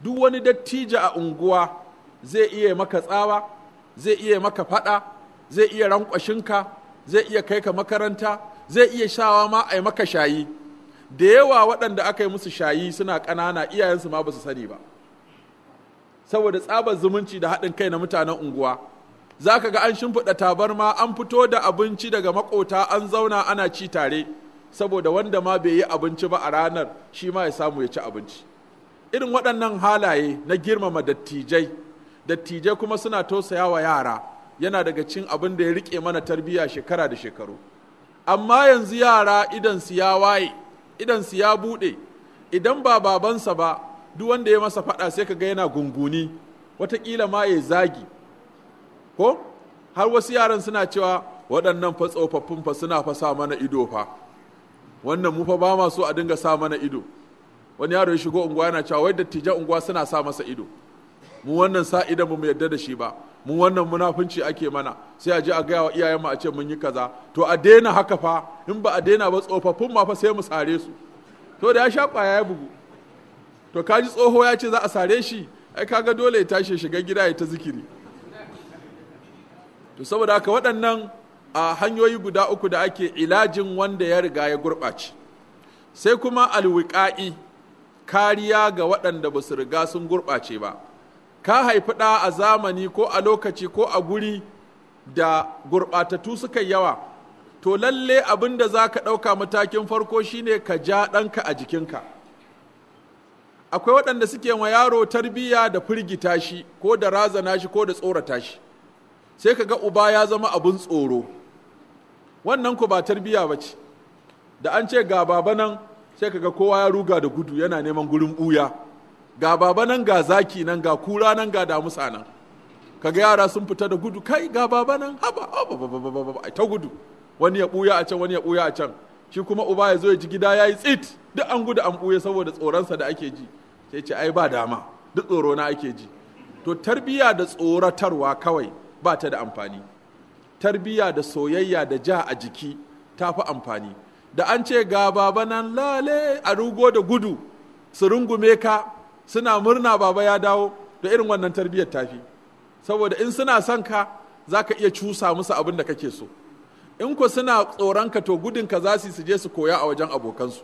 duk wani dattijo a unguwa zai iya maka tsawa zai iya maka fada zai iya rankwashinka zai iya kai ka makaranta zai iya shawa ma a maka shayi da yawa waɗanda aka yi musu shayi suna ƙanana iyayensu ma ba su sani ba saboda tsabar zumunci da haɗin kai na mutanen unguwa za ka ga an shimfiɗa tabarma an fito da abinci daga maƙota an zauna ana ci tare saboda wanda ma bai yi abinci ba a ranar shi ma ya samu ya ci abinci irin waɗannan halaye na girmama dattijai dattijai kuma suna tausaya wa yara yana daga cin abin da ya riƙe mana tarbiyya shekara da shekaru amma yanzu yara idan su ya waye idansu ya buɗe idan ba babansa ba duk wanda ya masa faɗa sai ka ga yana gunguni watakila ma ya zagi ko har wasu yaran suna cewa waɗannan fa tsofaffin fa suna fa sa mana ido fa wannan mu fa ba ma so a dinga sa mana ido wani yaro ya shigo unguwa yana cewa wai dattijan unguwa suna sa masa ido mu wannan sa idan mu yarda da shi ba mu wannan munafunci ake mana sai a je a gaya wa iyayenmu a ce mun yi kaza to a daina haka fa in ba a daina ba tsofaffin ma fa sai mu sare su to da ya sha kwaya ya bugu to kaji tsoho ya ce za a sare shi ai kaga dole ya tashi shiga gida ya ta zikiri to saboda haka waɗannan a hanyoyi guda uku da ake ilajin wanda ya riga ya gurɓace sai kuma alwiƙa'i kariya ga waɗanda ba su riga sun gurɓace ba ka haifi ɗa a zamani ko a lokaci ko a guri da gurɓatattu suka yawa to lalle abin da za ka ɗauka matakin farko shine ka ja ɗanka a jikinka akwai waɗanda suke ma yaro tarbiyya da firgita shi ko da razana shi ko da tsorata shi sai ka ga uba ya zama abin tsoro wannan ku ba tarbiyya ba ce da an ce ga baba nan sai ka ga kowa ya ruga da gudu yana neman gurin ɓuya ga baba nan ga zaki nan ga kura nan ga damusa nan kaga yara sun fita da gudu kai ga baba nan haba haba oh, ta gudu wani ya buya a can wani ya buya a can shi kuma uba ya zo ya ji gida ya yi tsit duk an gudu an buya saboda tsoronsa da ake ji sai ce ai ba dama duk tsoro na ake ji to tarbiya da tsoratarwa kawai ba ta da amfani tarbiya da soyayya da ja a jiki ta fi amfani da an ce ga baba nan lale a rugo da gudu su rungume ka suna murna baba ya dawo da irin wannan tarbiyyar tafi saboda in suna son ka za ka iya cusa musu abin da kake so in ku suna tsoron ka to gudun ka za su je su koya a wajen abokansu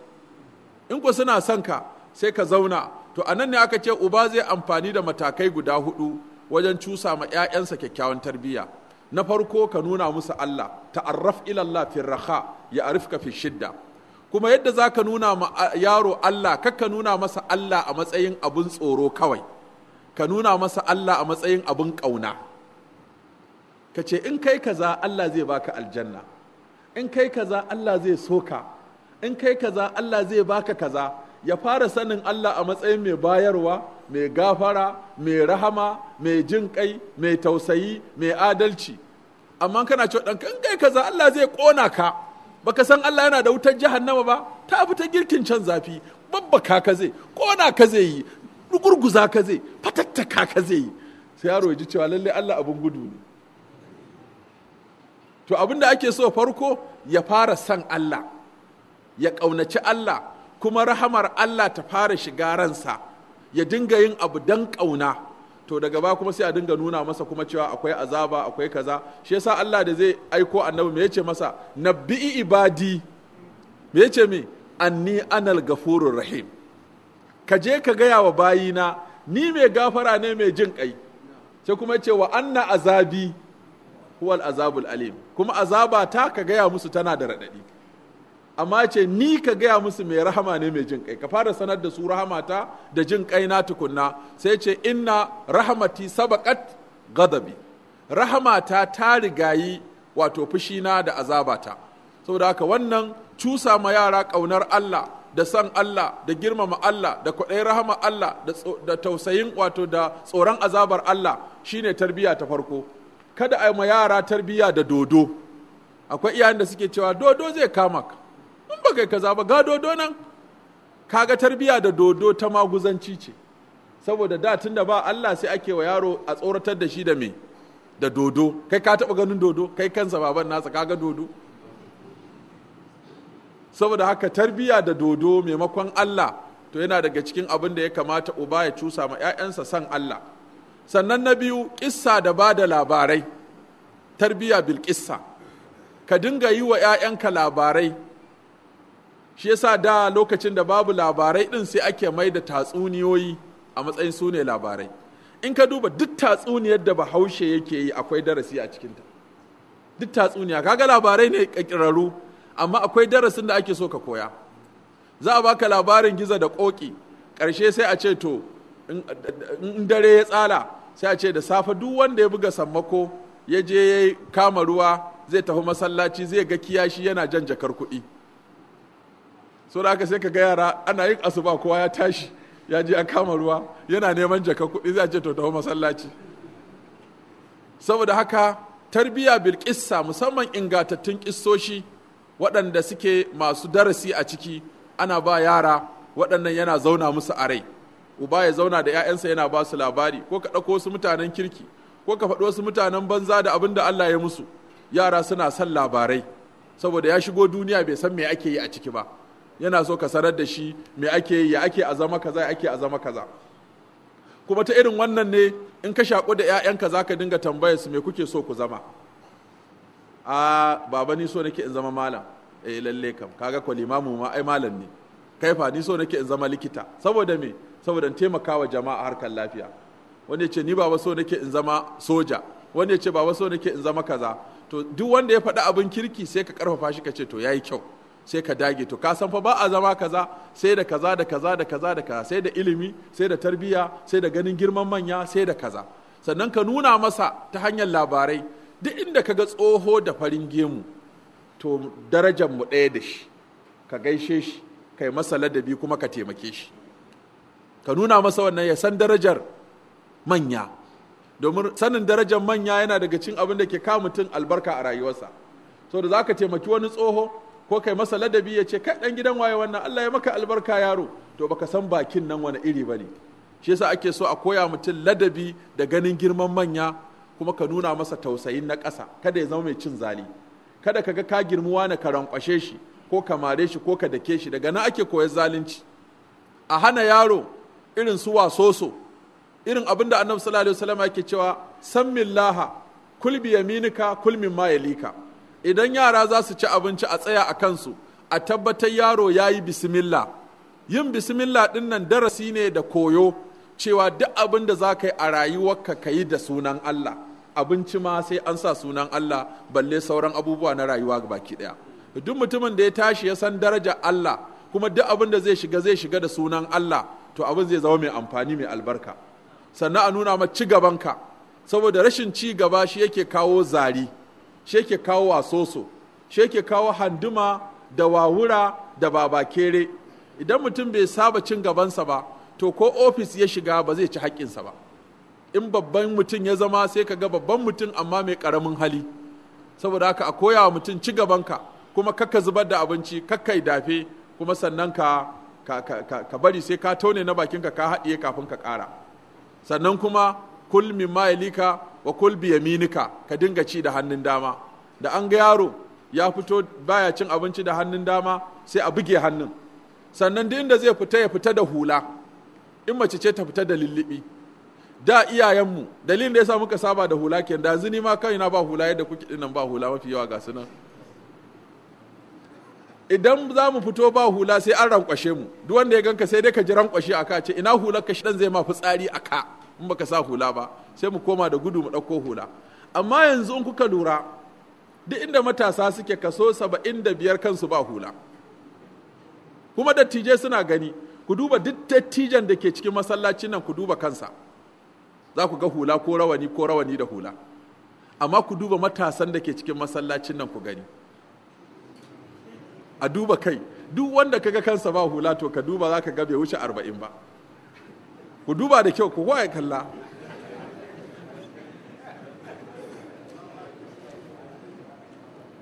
in ku suna son ka sai ka zauna to a nan ne aka ce uba zai amfani da matakai guda hudu wajen cusa ma 'ya'yansa kyakkyawan tarbiyya na farko ka nuna musu Allah ta'arraf ila Allah fi raha ya arifka fi shidda kuma yadda za ka nuna ma yaro Allah kakka nuna masa Allah a matsayin abin tsoro kawai ka nuna masa Allah a matsayin abin ƙauna ka ce in kai kaza Allah zai baka aljanna in kai kaza Allah zai soka in kai kaza Allah zai baka kaza ya fara sanin Allah a matsayin mai bayarwa mai gafara mai rahama mai jin kai mai tausayi mai adalci amma kana cewa ɗan kai kaza Allah zai ƙona ka baka san Allah yana da wutar jahannama ba ta fi ta girkin can zafi Babba ka ka zai kona ka zai yi gurguza ka zai fatattaka ka zai yi sai yaro ji cewa lalle Allah abun gudu ne to abin da ake so farko ya fara san Allah ya ƙaunaci Allah kuma rahamar Allah ta fara shiga ransa ya dinga yin abu dan ƙauna to daga ba kuma sai a dinga nuna masa kuma cewa akwai azaba akwai kaza shi yasa Allah da zai aiko annabi me yace masa nabbi ibadi me yace mi anni anal gafurur rahim ka je ka gaya wa bayina ni mai gafara ne mai jin kai sai kuma yace wa anna azabi huwal azabul alim kuma azaba ta ka gaya musu tana da radadi amma ce ni ka gaya musu mai rahama ne mai jin kai ka fara sanar da su rahamata da jin kai na tukunna sai ce inna rahamati sabakat gadabi rahamata ta rigayi wato fushina da azabata saboda haka wannan cusa ma yara ƙaunar Allah da san Allah da girmama Allah da kwaɗayin rahama Allah da tausayin wato da tsoron azabar Allah shine tarbiyya ta farko kada a yi ma yara tarbiyya da dodo akwai iyayen da suke cewa dodo zai kama ka in ba kai kaza ba ga donan kaga tarbiya da dodo ta maguzanci ce saboda da tun ba Allah sai ake wa yaro a tsoratar da shi da me da dodo kai ka taba ganin dodo kai kansa baban nasa kaga dodo saboda haka tarbiya da dodo maimakon Allah to yana daga cikin abin da ya kamata uba ya cusa ma 'ya'yansa san Allah sannan na biyu kissa da ba da labarai tarbiya bil kissa ka dinga yi wa ƴaƴanka labarai shi yasa da lokacin da babu labarai din sai ake mai da tatsuniyoyi a matsayin su ne labarai in ka duba duk tatsuniyar da bahaushe yake yi akwai darasi a cikinta duk tatsuniya kaga labarai ne kakiraru amma akwai darasin da ake so ka koya za a baka labarin giza da koki ƙarshe sai a ce to in dare ya tsala sai a ce da safe duk wanda ya buga sammako ya je ya kama ruwa zai tafi masallaci zai ga kiyashi yana jan jakar kuɗi so da aka sai ka ga yara ana yin asuba kowa ya tashi ya ji an kama ruwa yana neman jaka kuɗi za a ce to tafi masallaci saboda haka tarbiyya bilkisa musamman ingantattun kissoshi waɗanda suke masu darasi a ciki ana ba yara waɗannan yana zauna musu a rai uba ya zauna da 'ya'yansa yana ba su labari ko ka ɗauko wasu mutanen kirki ko ka faɗi wasu mutanen banza da abin da Allah ya musu yara suna son labarai saboda ya shigo duniya bai san me ake yi a ciki ba yana so ka sanar da shi me ake yi ya ake a zama kaza ya ake a zama kaza kuma ta irin wannan ne in ka shaƙo da 'ya'yanka za ka dinga tambayar su me kuke so ku zama a baba ni so nake in zama malam eh lalle kam kaga ko limamu ma ai malam ne kai fa ni so nake in zama likita saboda me saboda in taimakawa jama'a harkar lafiya wani ya ce ni baba so nake in zama soja wani ya ce baba so nake in zama kaza to duk wanda ya faɗi abin kirki sai ka karfafa shi ka ce to yayi kyau sai ka dage to ka san fa ba a zama kaza sai da kaza da kaza da kaza da kaza sai da ilimi sai da tarbiyya sai da ganin girman manya sai da kaza sannan ka nuna masa ta hanyar labarai duk inda ka ga tsoho da farin gemu to darajar mu ɗaya da shi ka gaishe shi kai masa ladabi kuma ka taimake shi ka nuna masa wannan ya san darajar manya domin sanin darajar manya yana daga cin abin da ke ka mutum albarka a rayuwarsa so da za ka taimaki wani tsoho ko kai masa ladabi ya ce kai dan gidan waye wannan Allah ya maka albarka yaro to baka san bakin nan wani iri bane shi yasa ake so a koya mutum ladabi da ganin girman manya kuma ka nuna masa tausayin na ƙasa kada ya zama mai cin zali kada ka ga ka girmuwa na ka rankwashe shi ko ka mare shi ko ka dake shi daga nan ake koyar zalunci a hana yaro irin su wasoso irin abin da annabi sallallahu alaihi wasallam yake cewa sammin kulbi yaminika kulmin mayalika ma idan yara za su ci abinci a tsaya a kansu a tabbatar yaro ya yi bismillah yin bismillah ɗin nan darasi ne da koyo cewa duk abin da za ka yi a rayuwarka ka yi da sunan Allah abinci ma sai an sa sunan Allah balle sauran abubuwa na rayuwa baki ɗaya duk mutumin da ya tashi ya san darajar Allah kuma duk abin da zai shiga zai shiga da sunan Allah to abin zai zama mai amfani mai albarka sannan a nuna ma ci gaban ka saboda rashin ci gaba shi yake kawo zari Sheke ke kawo wasoso sheke kawo handuma da wawura da babakere idan mutum bai saba cin gabansa ba to ko ofis ya shiga ba zai ci haƙƙinsa ba in babban mutum ya zama sai ka ga babban mutum amma mai ƙaramin hali saboda haka a koya wa mutum ci gabanka kuma kakka zubar da abinci kakkai dafe kuma sannan ka ka, ka bari sai ka tone na bakinka ka haɗiye kafin ka ƙara sannan kuma kul min mailika wa kul bi yaminika ka dinga ci da hannun dama da an ga yaro ya fito baya cin abinci da hannun dama sai a buge hannun sannan duk inda zai fita ya fita da hula in mace ce ta fita da lullubi da iyayenmu dalilin da yasa muka saba da hula ke da zini ma kai na ba hula yadda kuke dinnan ba hula mafi yawa ga sunan idan za mu fito ba hula sai an rankwashe mu duk wanda ya ganka sai dai ka ji rankwashe aka ce ina hular ka shi dan zai ma fitsari aka in baka sa hula ba sai mu koma da gudu mu ɗauko hula amma yanzu in kuka lura duk inda matasa suke kaso saba'in da biyar kansu ba hula kuma dattijai suna gani ku duba duk dattijan da ke cikin masallacin nan ku duba kansa za ku ga hula ko rawani ko rawani da hula amma ku duba matasan da ke cikin masallacin nan ku gani a duba kai duk wanda kaga kansa ba hula to ka duba za ka ga bai wuce arba'in ba ku duba da kyau ku ya kalla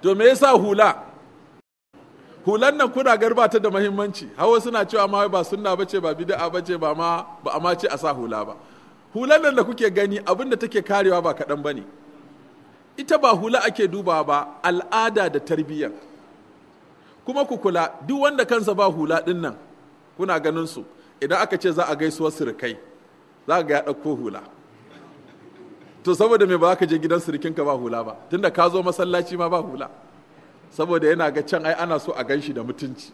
to me yasa hula hulan nan kuna garbata da mahimmanci hawa suna cewa ma ba sunna bace ba bid'a bace ba ma ba a ce a sa hula ba hulan nan da kuke gani abinda take karewa ba kaɗan bane ita ba hula ake duba ba al'ada da tarbiyyar kuma ku kula duk wanda kansa ba hula ɗin kuna ganin su idan aka ce za a gaisuwar sirkai za ga ya ɗauko hula to saboda me ba ka je gidan sirikinka ba hula ba tunda ka zo masallaci ma ba hula saboda yana ga can ai ana so a gan shi da mutunci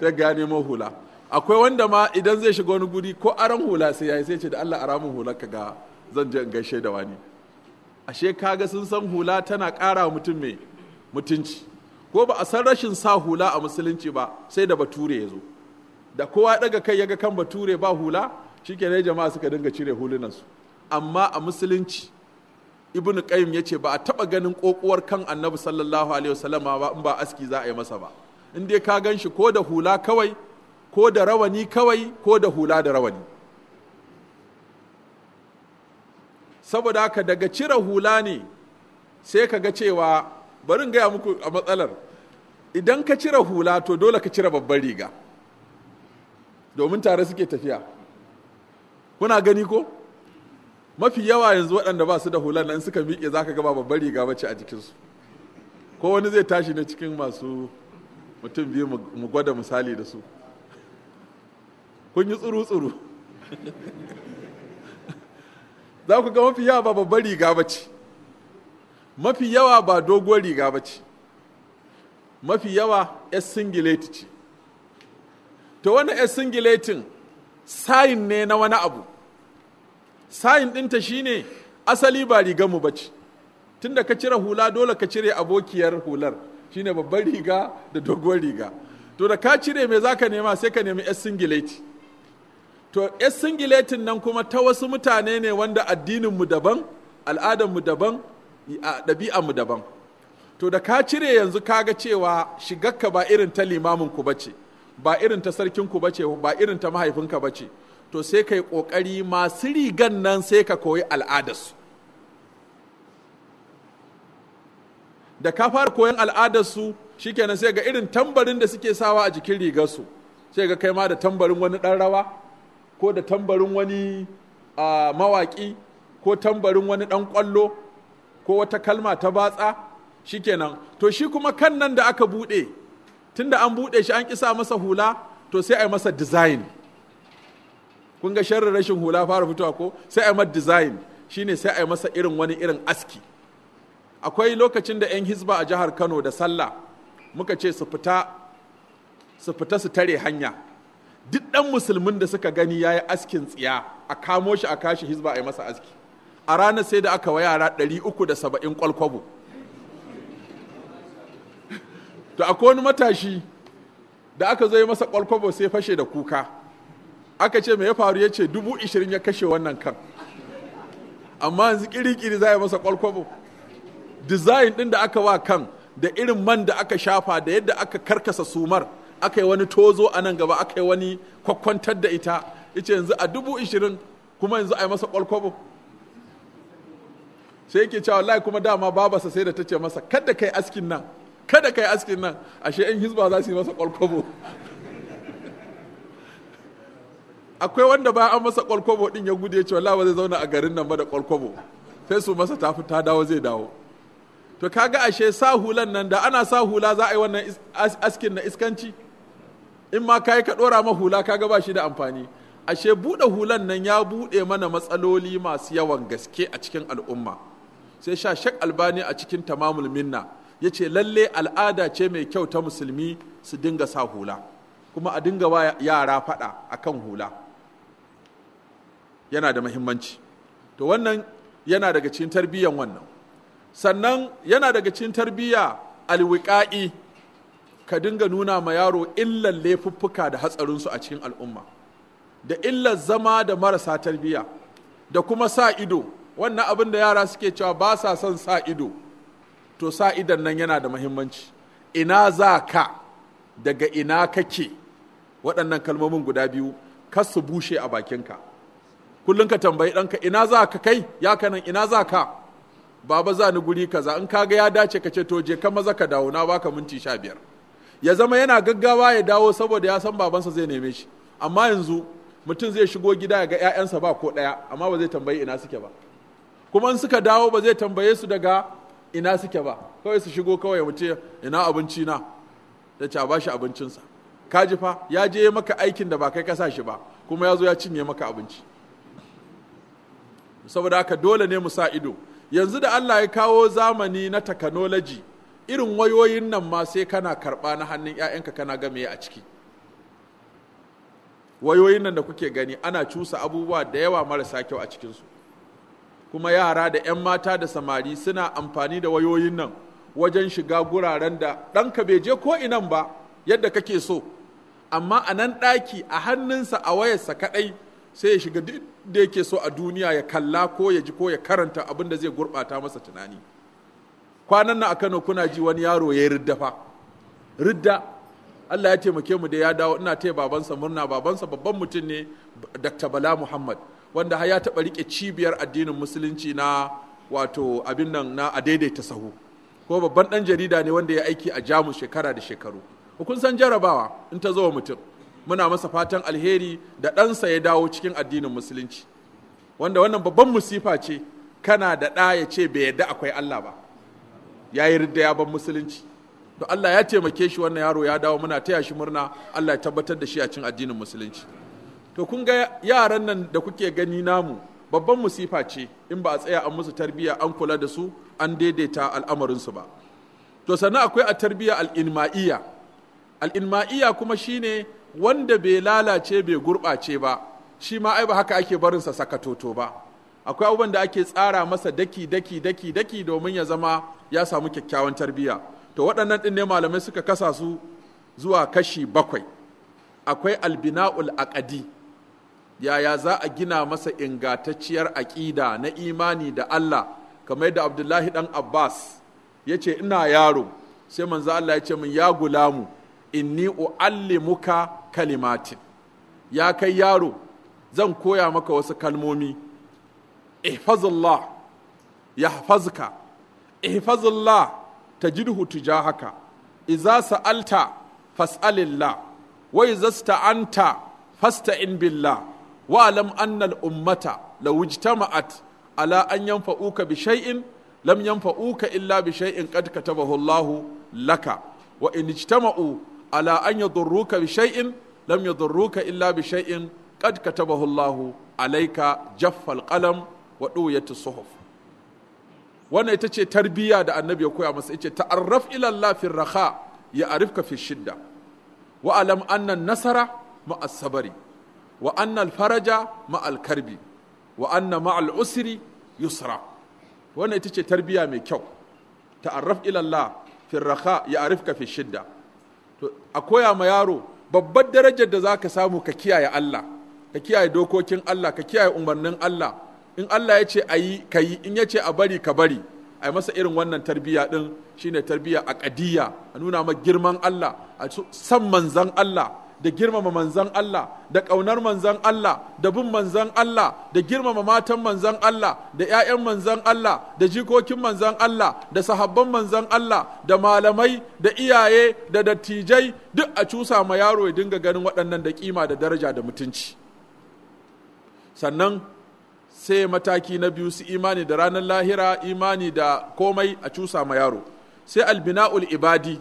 sai ga nemo hula akwai wanda ma idan zai shiga wani guri ko aran hula sai yayi sai ce da Allah aramin hula ka ga zan je in gaishe da wani ashe kaga sun san hula tana ƙara mutum mai mutunci ko ba a san rashin sa hula a musulunci ba sai da bature ya zo da kowa ɗaga daga kai yaga kan bature ba hula ne jama'a suka dinga cire hulunansu amma a musulunci ibnu qayyim yace ba a taba ganin kokuwar kan annabi sallallahu alaihi wasallama ba in ba aski za a yi masa ba in dai ka gan shi ko da hula kawai ko da rawani kawai ko da hula da rawani saboda haka daga cire hula ne sai ka ga cewa bari in gaya muku a matsalar idan ka cire hula to dole ka cire babbar riga domin tare suke tafiya kuna gani ko mafi yawa yanzu waɗanda ba su da hular nan suka miƙe za ka gaba babbar riga bace a jikinsu ko wani zai tashi na cikin masu mutum biyu mu gwada misali da su kun yi tsuru-tsuru za ku ga mafi yawa ba babbar riga bace mafi yawa ba doguwar riga bace mafi yawa 'yar singileti ce to wani a sayin ne na wani abu sayin ɗinta shine asali ba rigar mu bace tunda ka cire hula dole ka cire abokiyar hular shine babbar riga da doguwar riga to da ka cire me zaka nema sai ka nemi ɗan singileti to ɗan singiletin nan kuma ta wasu mutane ne wanda addinin mu daban al'adar mu daban ɗabi'a mu daban to da ka cire yanzu kaga cewa shigarka ba irin ta limamin ku bace ba irin ta sarkinku bace ba irin ta mahaifinka bace to sai kai kokari masu rigan nan sai ka koyi al'adarsu da ka fara koyan al'adarsu shikenan sai ga irin tambarin da suke sawa a jikin rigarsu sai ga kai ma da tambarin wani ɗan rawa ko da tambarin wani mawaƙi ko tambarin wani ɗan kwallo ko wata kalma ta batsa shikenan to shi kuma kan nan da aka buɗe tun da an buɗe shi an kisa masa hula to sai a yi masa design kun ga sharrin rashin hula fara fitowa ko sai a yi masa design shine sai a yi masa irin wani irin aski akwai lokacin da 'yan hisba a jihar kano da sallah muka ce su fita su tare hanya duk ɗan musulmin da suka gani ya yi askin tsiya a kamo shi a kashi hisba a yi masa aski a ranar sai da aka wa yara 370 kwalkwabo to akwai wani matashi da aka zo masa kwalkwabo sai fashe da kuka aka ce mai ya faru ya ce dubu ishirin ya kashe wannan kan amma yanzu kiri-kiri za a masa kwalkwabo dizayin ɗin da aka wa kan da irin man da aka shafa da yadda aka karkasa sumar aka yi wani tozo a nan gaba aka yi wani kwakwantar da ita ita yanzu a dubu ishirin kuma yanzu a yi masa kwalkwabo sai yake cewa wallahi kuma dama babasa sai da ta ce masa kada yi askin nan kada ka yi askin nan ashe yan hizba za su yi masa kwalkwabo akwai wanda ba an masa kwalkwabo din ya gude cewa lawa zai zauna a garin nan ba da kwalkwabo sai su masa tafi ta dawo zai dawo to kaga ashe sa hulan nan da ana sa hula za a yi wannan askin na iskanci in ma kai ka dora ma hula kaga ba shi da amfani ashe bude hulan nan ya bude mana matsaloli masu yawan gaske a cikin al'umma sai sha shak albani a cikin tamamul minna ya ce lalle al'ada ce mai kyau ta musulmi su dinga sa hula kuma a dinga wa yara faɗa akan hula yana da muhimmanci to wannan yana daga cikin tarbiyyan wannan sannan yana daga cikin tarbiyya alwiƙa'i ka dinga nuna ma yaro illar laifuffuka da hatsarinsu a cikin al'umma da illar zama da marasa tarbiyya da kuma sa ido wannan abin da yara suke cewa ba sa son sa ido to sa idan nan yana da mahimmanci ina za ka daga ina kake waɗannan kalmomin guda biyu kar su bushe a bakinka kullum ka tambayi ɗanka ina za ka kai ya kanan ina za ka baba za ni guri kaza in ka ga ya dace ka ce to je ka maza ka dawo na baka minti sha biyar ya zama yana gaggawa ya dawo saboda ya san babansa zai neme shi amma yanzu mutum zai shigo gida ya ga ƴaƴansa ba ko ɗaya amma ba zai tambayi ina suke ba kuma in suka dawo ba zai tambaye su daga ina suke ba kawai su shigo kawai mu ce ina abinci na ta ce a bashi abincinsa kaji fa ya je maka aikin da ba kai kasa shi ba kuma ya zo ya cinye maka abinci saboda haka dole ne mu sa ido yanzu da Allah ya kawo zamani na takanoloji irin wayoyin nan ma sai kana karba na hannun 'ya'yanka kana game a ciki wayoyin nan da kuke gani ana cusa abubuwa da yawa marasa kyau a cikinsu kuma yara da 'yan mata da samari suna amfani da wayoyin nan wajen shiga guraren da ɗanka bai je ko inan ba yadda kake so amma a nan ɗaki a hannunsa a wayarsa kaɗai sai ya shiga duk da yake so a duniya ya kalla ko ya ji ko ya karanta abin da zai gurɓata masa tunani kwanan nan a kano kuna ji wani yaro ya yi ridda fa ridda allah ya taimake mu da ya dawo ina taya babansa murna babansa babban mutum ne dr bala muhammad wanda ya taɓa riƙe cibiyar addinin musulunci na wato abin nan na a daidaita sahu ko babban ɗan jarida ne wanda ya aiki a jamus shekara da shekaru kun san jarabawa in ta zo wa mutum muna masa fatan alheri da ɗansa ya dawo cikin addinin musulunci wanda wannan babban musifa ce kana da ɗa ya ce bai yadda akwai Allah ba ya yi ridda ya ban musulunci to Allah ya taimake shi wannan yaro ya dawo muna taya shi murna Allah ya tabbatar da shi a cikin addinin musulunci to kun ga yaran nan da kuke gani namu babban musifa ce in ba a tsaya an musu tarbiyya an kula da su an daidaita al'amarinsu ba to sannan akwai a tarbiyya al'inma'iyya al'inma'iyya kuma shine wanda bai lalace bai gurɓace ba shi ma ai ba haka ake barinsa sakatoto ba akwai abubuwan da ake tsara masa daki daki daki daki domin ya zama ya samu kyakkyawan tarbiyya to waɗannan ɗin ne malamai suka kasa su zuwa kashi bakwai akwai albina'ul aqadi yaya za a gina masa ingatacciyar aƙida na imani da Allah kamar da Abdullahi ɗan Abbas ya ce ina yaro sai manzo Allah ya ce min ya gulamu inni uallimuka kalimatin ya kai yaro zan koya maka wasu kalmomi ihfazullah yahfazka ihfazullah tajidhu tujahaka idza sa'alta fas'alillah wa idza sta'anta fasta'in billah wa'alam annal ummata law ijtama'at ala an yanfa'uka bi shay'in lam yanfa'uka illa bi shay'in qad katabahu Allahu laka wa in ijtama'u ala an yadurruka bi shay'in lam yadurruka illa bi shay'in qad katabahu Allahu alayka jaffa alqalam wa duwiyat suhuf wannan ita ce tarbiyya da annabi ya koya masa ice, ta'arraf ila Allah fi ya arifka fi shidda wa alam anna nasara ma'as sabari wa annal faraja ma'al karbi wa anna ma'al usri yusra wannan ita ce tarbiya mai kyau ta'arraf ila Allah fi raha ya arifka fi shidda to a koya ma yaro babbar darajar da zaka samu ka kiyaye Allah ka kiyaye dokokin Allah ka kiyaye umarnin Allah in Allah ya ce ayi kayi in ya ce a bari ka bari a masa irin wannan tarbiya din shine tarbiya a kadiya a nuna ma girman Allah a san manzan Allah da girmama manzan Allah da ƙaunar manzan Allah da bin manzan Allah da girmama matan manzan Allah da 'ya'yan manzan Allah da jikokin manzan Allah da sahabban manzan Allah da malamai da iyaye da dattijai duk a cusa ma yaro ya dinga ganin waɗannan da kima da daraja da mutunci sannan sai mataki na biyu su imani da ranar lahira imani da komai a cusa ma yaro sai albina'ul ibadi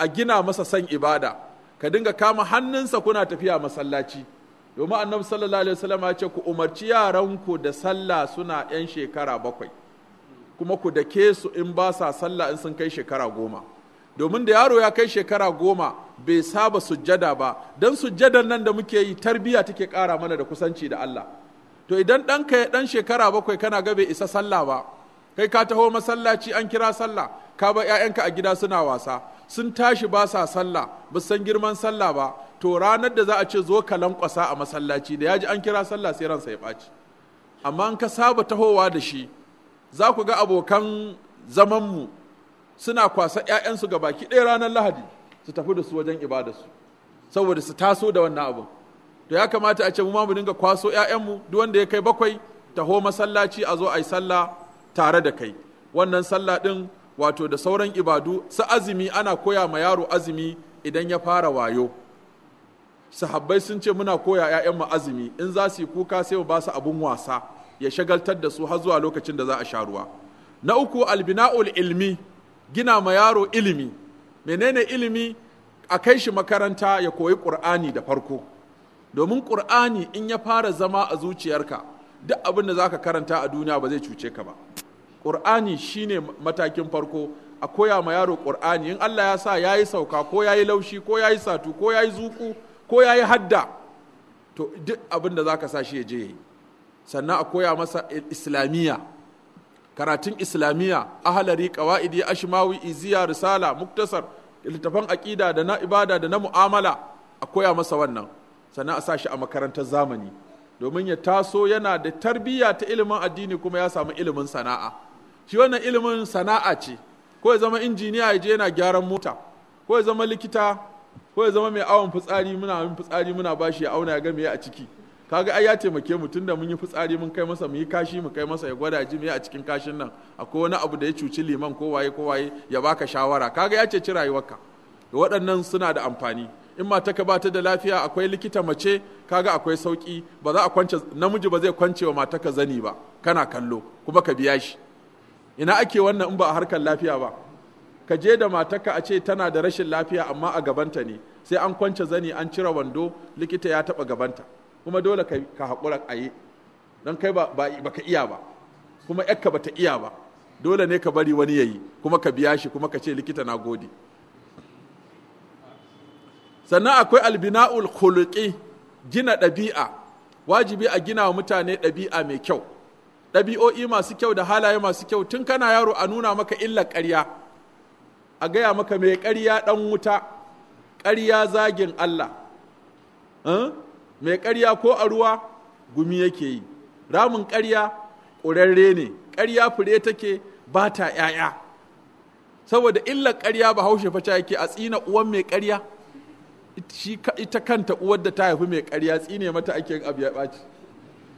a gina masa san ibada ka dinga kama hannunsa kuna tafiya masallaci domin annabi sallallahu alaihi wasallam ya ce ku umarci yaranku da sallah suna yan shekara bakwai kuma ku dake su in ba sa sallah in sun kai shekara goma domin da yaro ya kai shekara goma bai saba sujjada ba don sujjadan nan da muke yi tarbiya take kara mana da kusanci da Allah to idan ɗanka ya ɗan shekara bakwai kana ga bai isa sallah ba kai ka taho masallaci an kira sallah ka ba 'ya'yanka a gida suna wasa sun tashi ba sa sallah ba san girman sallah ba to ranar da za a ce zo ka lankwasa a masallaci da ya ji an kira sallah sai ransa ya ɓaci amma an ka saba tahowa da shi za ku ga abokan zamanmu suna kwasa 'ya'yansu ga baki ɗaya ranar lahadi su tafi da su wajen ibadarsu saboda su taso da wannan abin to ya kamata a ce mu ma mu dinga kwaso 'ya'yanmu duk wanda ya kai bakwai taho masallaci a zo a yi sallah tare da kai wannan sallah ɗin wato da sauran ibadu sa azumi ana koya ma yaro azumi idan ya fara wayo sahabbai sun ce muna koya mu azumi in za su yi kuka sai mu ba su abun wasa ya shagaltar da su har zuwa lokacin da za a sha ruwa na uku albina'ul ilmi gina ma yaro ilimi menene ilimi a kai shi makaranta ya koyi ƙur'ani da farko domin ƙur'ani in ya fara zama a zuciyarka duk abin da za ka karanta a duniya ba zai cuce ka ba ƙur'ani shine matakin farko a koya ma yaro ƙur'ani in Allah ya sa ya yi sauka ko ya yi laushi ko ya yi satu ko ya yi zuku ko ya yi hadda to duk abin da za ka sa shi ya je yi sannan a koya masa islamiyya karatun islamiyya ahalari ƙawa'idi ashmawi iziya risala muktasar littafan aƙida da na ibada da na mu'amala a koya masa wannan sannan a sa shi a makarantar zamani domin ya taso yana da tarbiyya ta ilimin addini kuma ya samu ilimin sana'a shi wannan ilimin sana'a ce ko ya zama injiniya ya je yana gyaran mota ko ya zama likita ko ya zama mai awon fitsari muna yin fitsari muna bashi ya auna ya ga me a ciki kaga ai ya taimake mu tunda mun yi fitsari mun kai masa mu yi kashi mu kai masa ya gwada ji me a cikin kashin nan akwai wani abu da ya cuci liman ko waye ko waye ya baka shawara kaga ya ce ci rayuwarka waɗannan suna da amfani in ta ka bata da lafiya akwai likita mace kaga akwai sauki ba za a kwance namiji ba zai kwance wa mata ka zani ba kana kallo kuma ka biya shi ina ake wannan in ba a harkar lafiya ba ka je da mataka a ce tana da rashin lafiya amma a gabanta ne sai an kwance zani an cire wando likita ya taba gabanta kuma dole ka haƙura a yi don kai ba ka iya ba kuma yakka ba ta iya ba dole ne ka bari wani ya yi kuma ka biya shi kuma ka ce likita na gode sannan akwai albina'ul khuluqi gina ɗabi'a wajibi a gina wa mutane ɗabi'a mai kyau ɗabi'o'i masu kyau da halaye masu kyau tun kana yaro a nuna maka illa ƙarya a gaya maka mai ƙarya ɗan wuta ƙarya zagin Allah eh? mai ƙarya ko a ruwa gumi yake yi ramin ƙarya ƙurarre ne ƙarya fure take ba ta ‘ya'ya saboda illa ƙarya ba haushe faca yake a tsina uwan mai ƙarya ita kanta uwar da ta haifi mai ƙarya tsine mata ake abu ya ɓaci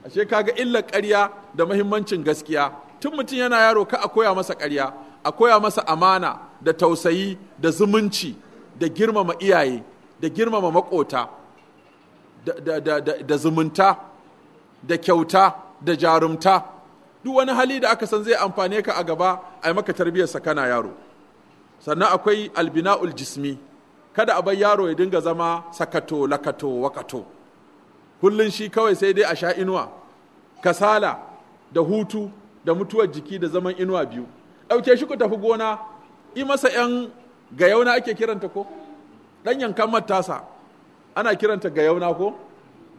ashe kaga illar ƙarya da mahimmancin gaskiya tun mutum yana yaro ka a koya masa ƙarya a koya masa amana da tausayi da zumunci da girmama iyaye da girmama maƙota da zumunta da kyauta da jarumta duk wani hali da aka san zai amfane ka a gaba a yi maka tarbiyyarsa kana yaro sannan akwai albina'ul jismi kada a bar yaro ya dinga zama sakato lakato wakato kullun shi kawai sai dai a sha inuwa kasala da hutu da mutuwar jiki da zaman inuwa biyu ɗauke shi ku tafi gona yi masa yan gayauna ake kiranta ko ɗan yankan matasa ana kiranta gayauna ko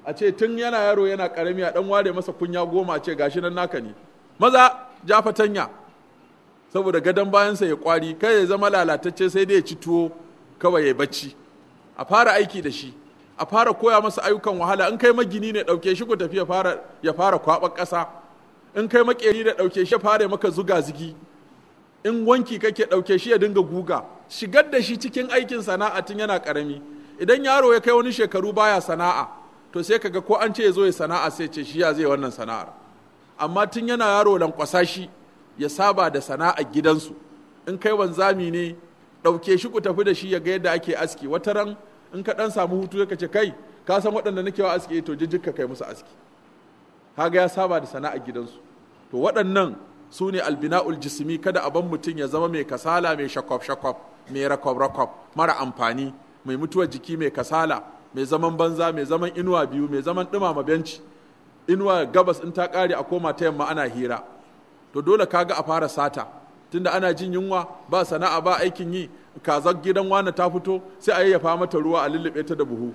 a ce tun yana yaro yana ƙarami a ɗan ware masa kunya goma a ce gashi nan naka ne maza ja fatanya saboda gadon bayansa ya kwari kai ya zama lalatacce sai dai ya ci tuwo kawai ya bacci a fara aiki da shi a fara koya masa ayyukan wahala in kai magini ne ɗauke shi ku tafi ya fara ƙasa in kai makeri da ɗauke shi ya fara maka zuga zigi in wanki kake ɗauke shi ya dinga guga shigar da shi cikin aikin sana'a tun yana karami idan yaro ya kai wani shekaru baya sana'a to sai kaga ko an ce ya zo ya sana'a sai ce shi ya zai wannan sana'ar amma tun yana yaro lankwasa shi ya saba da sana'a gidansu in kai wanzami ne ɗauke shi ku tafi da shi ya ga yadda ake aski wata ran in ka dan samu hutu ya ce kai ka san waɗanda nake wa aski eh, to jijjik ka kai musu aski kaga ya saba da sana'a gidansu to waɗannan su ne albina'ul jismi kada a ban mutum ya zama mai kasala mai shakwaf shakwaf mai rakwaf rakwaf mara amfani mai mutuwar jiki mai kasala mai zaman banza mai zaman inuwa biyu mai zaman ɗumama benci inuwa gabas in ta kare a koma ta yamma ana hira to dole kaga a fara sata tunda ana jin yunwa ba sana'a ba aikin yi kazar gidan wani ta fito sai a yayyafa mata ruwa a lullube ta da buhu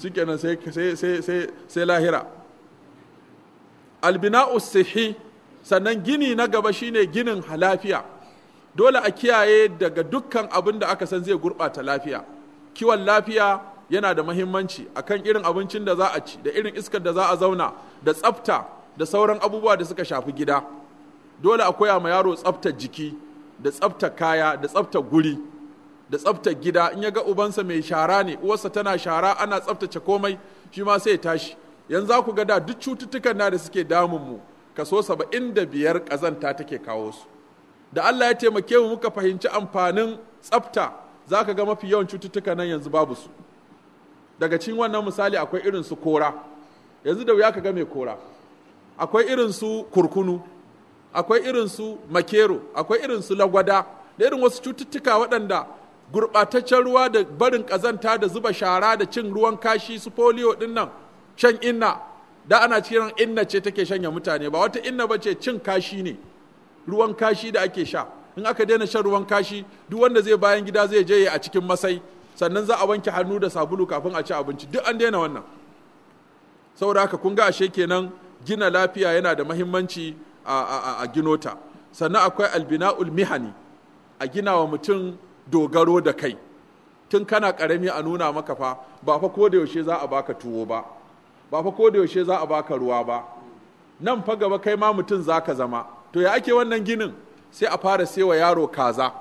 shikenan sai sai sai sai lahira albina'u sihi sannan gini na gaba shine ginin lafiya dole a kiyaye daga dukkan abin da aka san zai gurɓata lafiya kiwon lafiya yana da mahimmanci akan irin abincin da za a ci da irin iskar da za a zauna da tsafta da sauran abubuwa da suka shafi gida dole a koya ma yaro tsaftar jiki da tsaftar kaya da tsaftar guri da tsaftar gida in ya ga ubansa mai shara ne uwarsa tana shara ana tsaftace komai shi ma sai ya tashi yanzu za ku ga da duk cututtukan na da suke damun mu kaso saba'in da biyar kazanta take kawo su da Allah ya taimake mu muka fahimci amfanin tsafta za ka ga mafi yawan cututtuka nan yanzu babu su daga cikin wannan misali akwai irin su kora yanzu da wuya ka ga mai kora akwai irin su kurkunu akwai irin su makero akwai irin su lagwada da irin wasu cututtuka waɗanda gurɓataccen ruwa da barin ƙazanta da zuba shara da cin ruwan kashi su foliyo ɗin nan shan inna da ana cikin inna ce take shanya mutane ba wata inna ba ce cin kashi ne ruwan kashi da ake sha in aka daina shan ruwan kashi duk wanda zai bayan gida zai je a cikin masai sannan za a wanke hannu da sabulu kafin a ci abinci duk an daina wannan saboda haka kun ga ashe kenan gina lafiya yana da mahimmanci a, ginota. sannan akwai albina'ul mihani a gina wa mutum dogaro da kai tun kana karami a nuna maka fa ba fa ko da yaushe za a baka tuwo ba ba fa ko da yaushe za a baka ruwa ba nan fa gaba kai ma mutum zaka zama to ya ake wannan ginin sai a fara sewa yaro kaza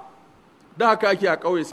da haka ake a ƙauye